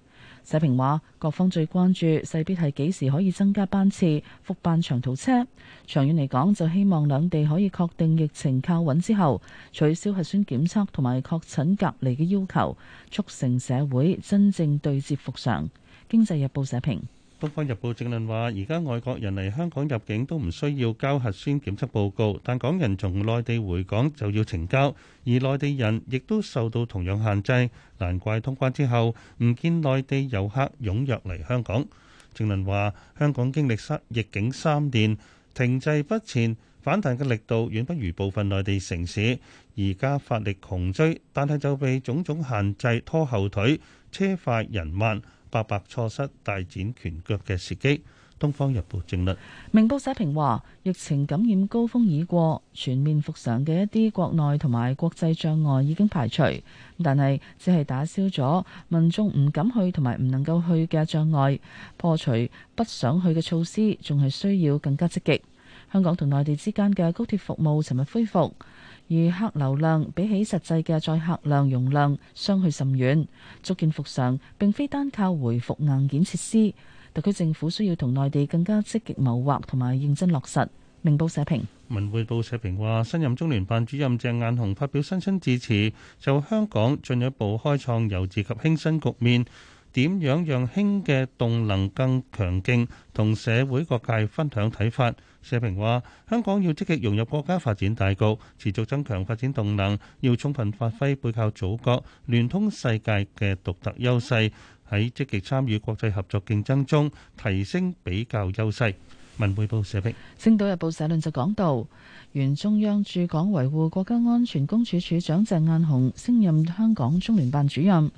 S5: 社評話：各方最關注，勢必係幾時可以增加班次、復辦長途車。長遠嚟講，就希望兩地可以確定疫情靠穩之後，取消核酸檢測同埋確診隔離嘅要求，促成社會真正對接復常。經濟日報社評。
S6: 《東方日報》正論話：而家外國人嚟香港入境都唔需要交核酸檢測報告，但港人從內地回港就要呈交，而內地人亦都受到同樣限制。難怪通關之後，唔見內地遊客踴躍嚟香港。正論話：香港經歷逆境三年，停滯不前，反彈嘅力度遠不如部分內地城市。而家發力窮追，但係就被種種限制拖後腿，車快人慢。白白錯失大展拳腳嘅時機。《東方日報》政論。
S5: 明報社評話，疫情感染高峰已過，全面復常嘅一啲國內同埋國際障礙已經排除，但係只係打消咗民眾唔敢去同埋唔能夠去嘅障礙。破除不想去嘅措施仲係需要更加積極。香港同內地之間嘅高鐵服務尋日恢復。與客流量比起實際嘅載客量容量相去甚遠，足見復常並非單靠回復硬件設施，特區政府需要同內地更加積極謀劃同埋認真落實。明報
S11: 社評，
S6: 文匯報社評話，新任中聯辦主任鄭雁雄發表新春致辭，就香港進一步開創由治及興新局面。點樣讓輕嘅動能更強勁？同社會各界分享睇法。社評話：香港要積極融入國家發展大局，持續增強發展動能，要充分發揮背靠祖國、聯通世界嘅獨特優勢，喺積極參與國際合作競爭中提升比較優勢。文匯報社評，
S5: 《星島日報社論》就講到。原中央駐港維護國家安全公署署長鄭雁雄升任香港中聯辦主任，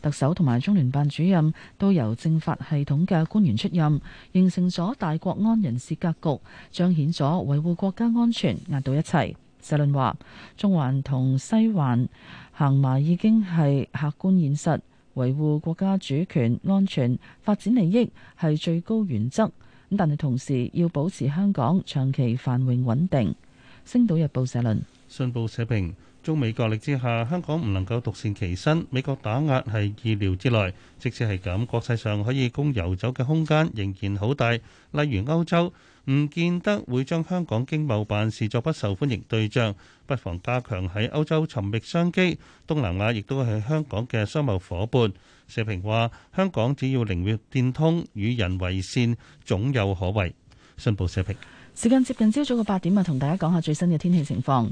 S5: 特首同埋中聯辦主任都由政法系統嘅官員出任，形成咗大國安人事格局，彰顯咗維護國家安全壓倒一切。社論話，中環同西環行埋已經係客觀現實，維護國家主權、安全、發展利益係最高原則。咁但係同時要保持香港長期繁榮穩定。《星島日報》社論：
S6: 信報社評，中美角力之下，香港唔能夠獨善其身，美國打壓係意料之內。即使係咁，國際上可以供遊走嘅空間仍然好大。例如歐洲，唔見得會將香港經貿辦視作不受歡迎對象，不妨加強喺歐洲尋覓商機。東南亞亦都係香港嘅商貿夥伴。社評話：香港只要靈活變通，與人為善，總有可為。信報社評。
S5: 時間接近朝早嘅八點啊，同大家講下最新嘅天氣情況。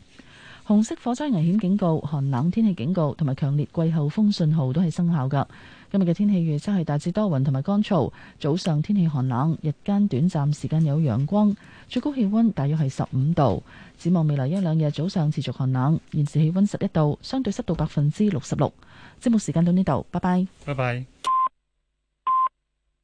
S5: 紅色火災危險警告、寒冷天氣警告同埋強烈季候風信號都係生效㗎。今日嘅天氣預測係大致多雲同埋乾燥，早上天氣寒冷，日間短暫時間有陽光，最高氣溫大約係十五度。展望未來一兩日早上持續寒冷，現時氣溫十一度，相對濕度百
S18: 分之六十六。節目時間到呢度，拜拜。拜拜。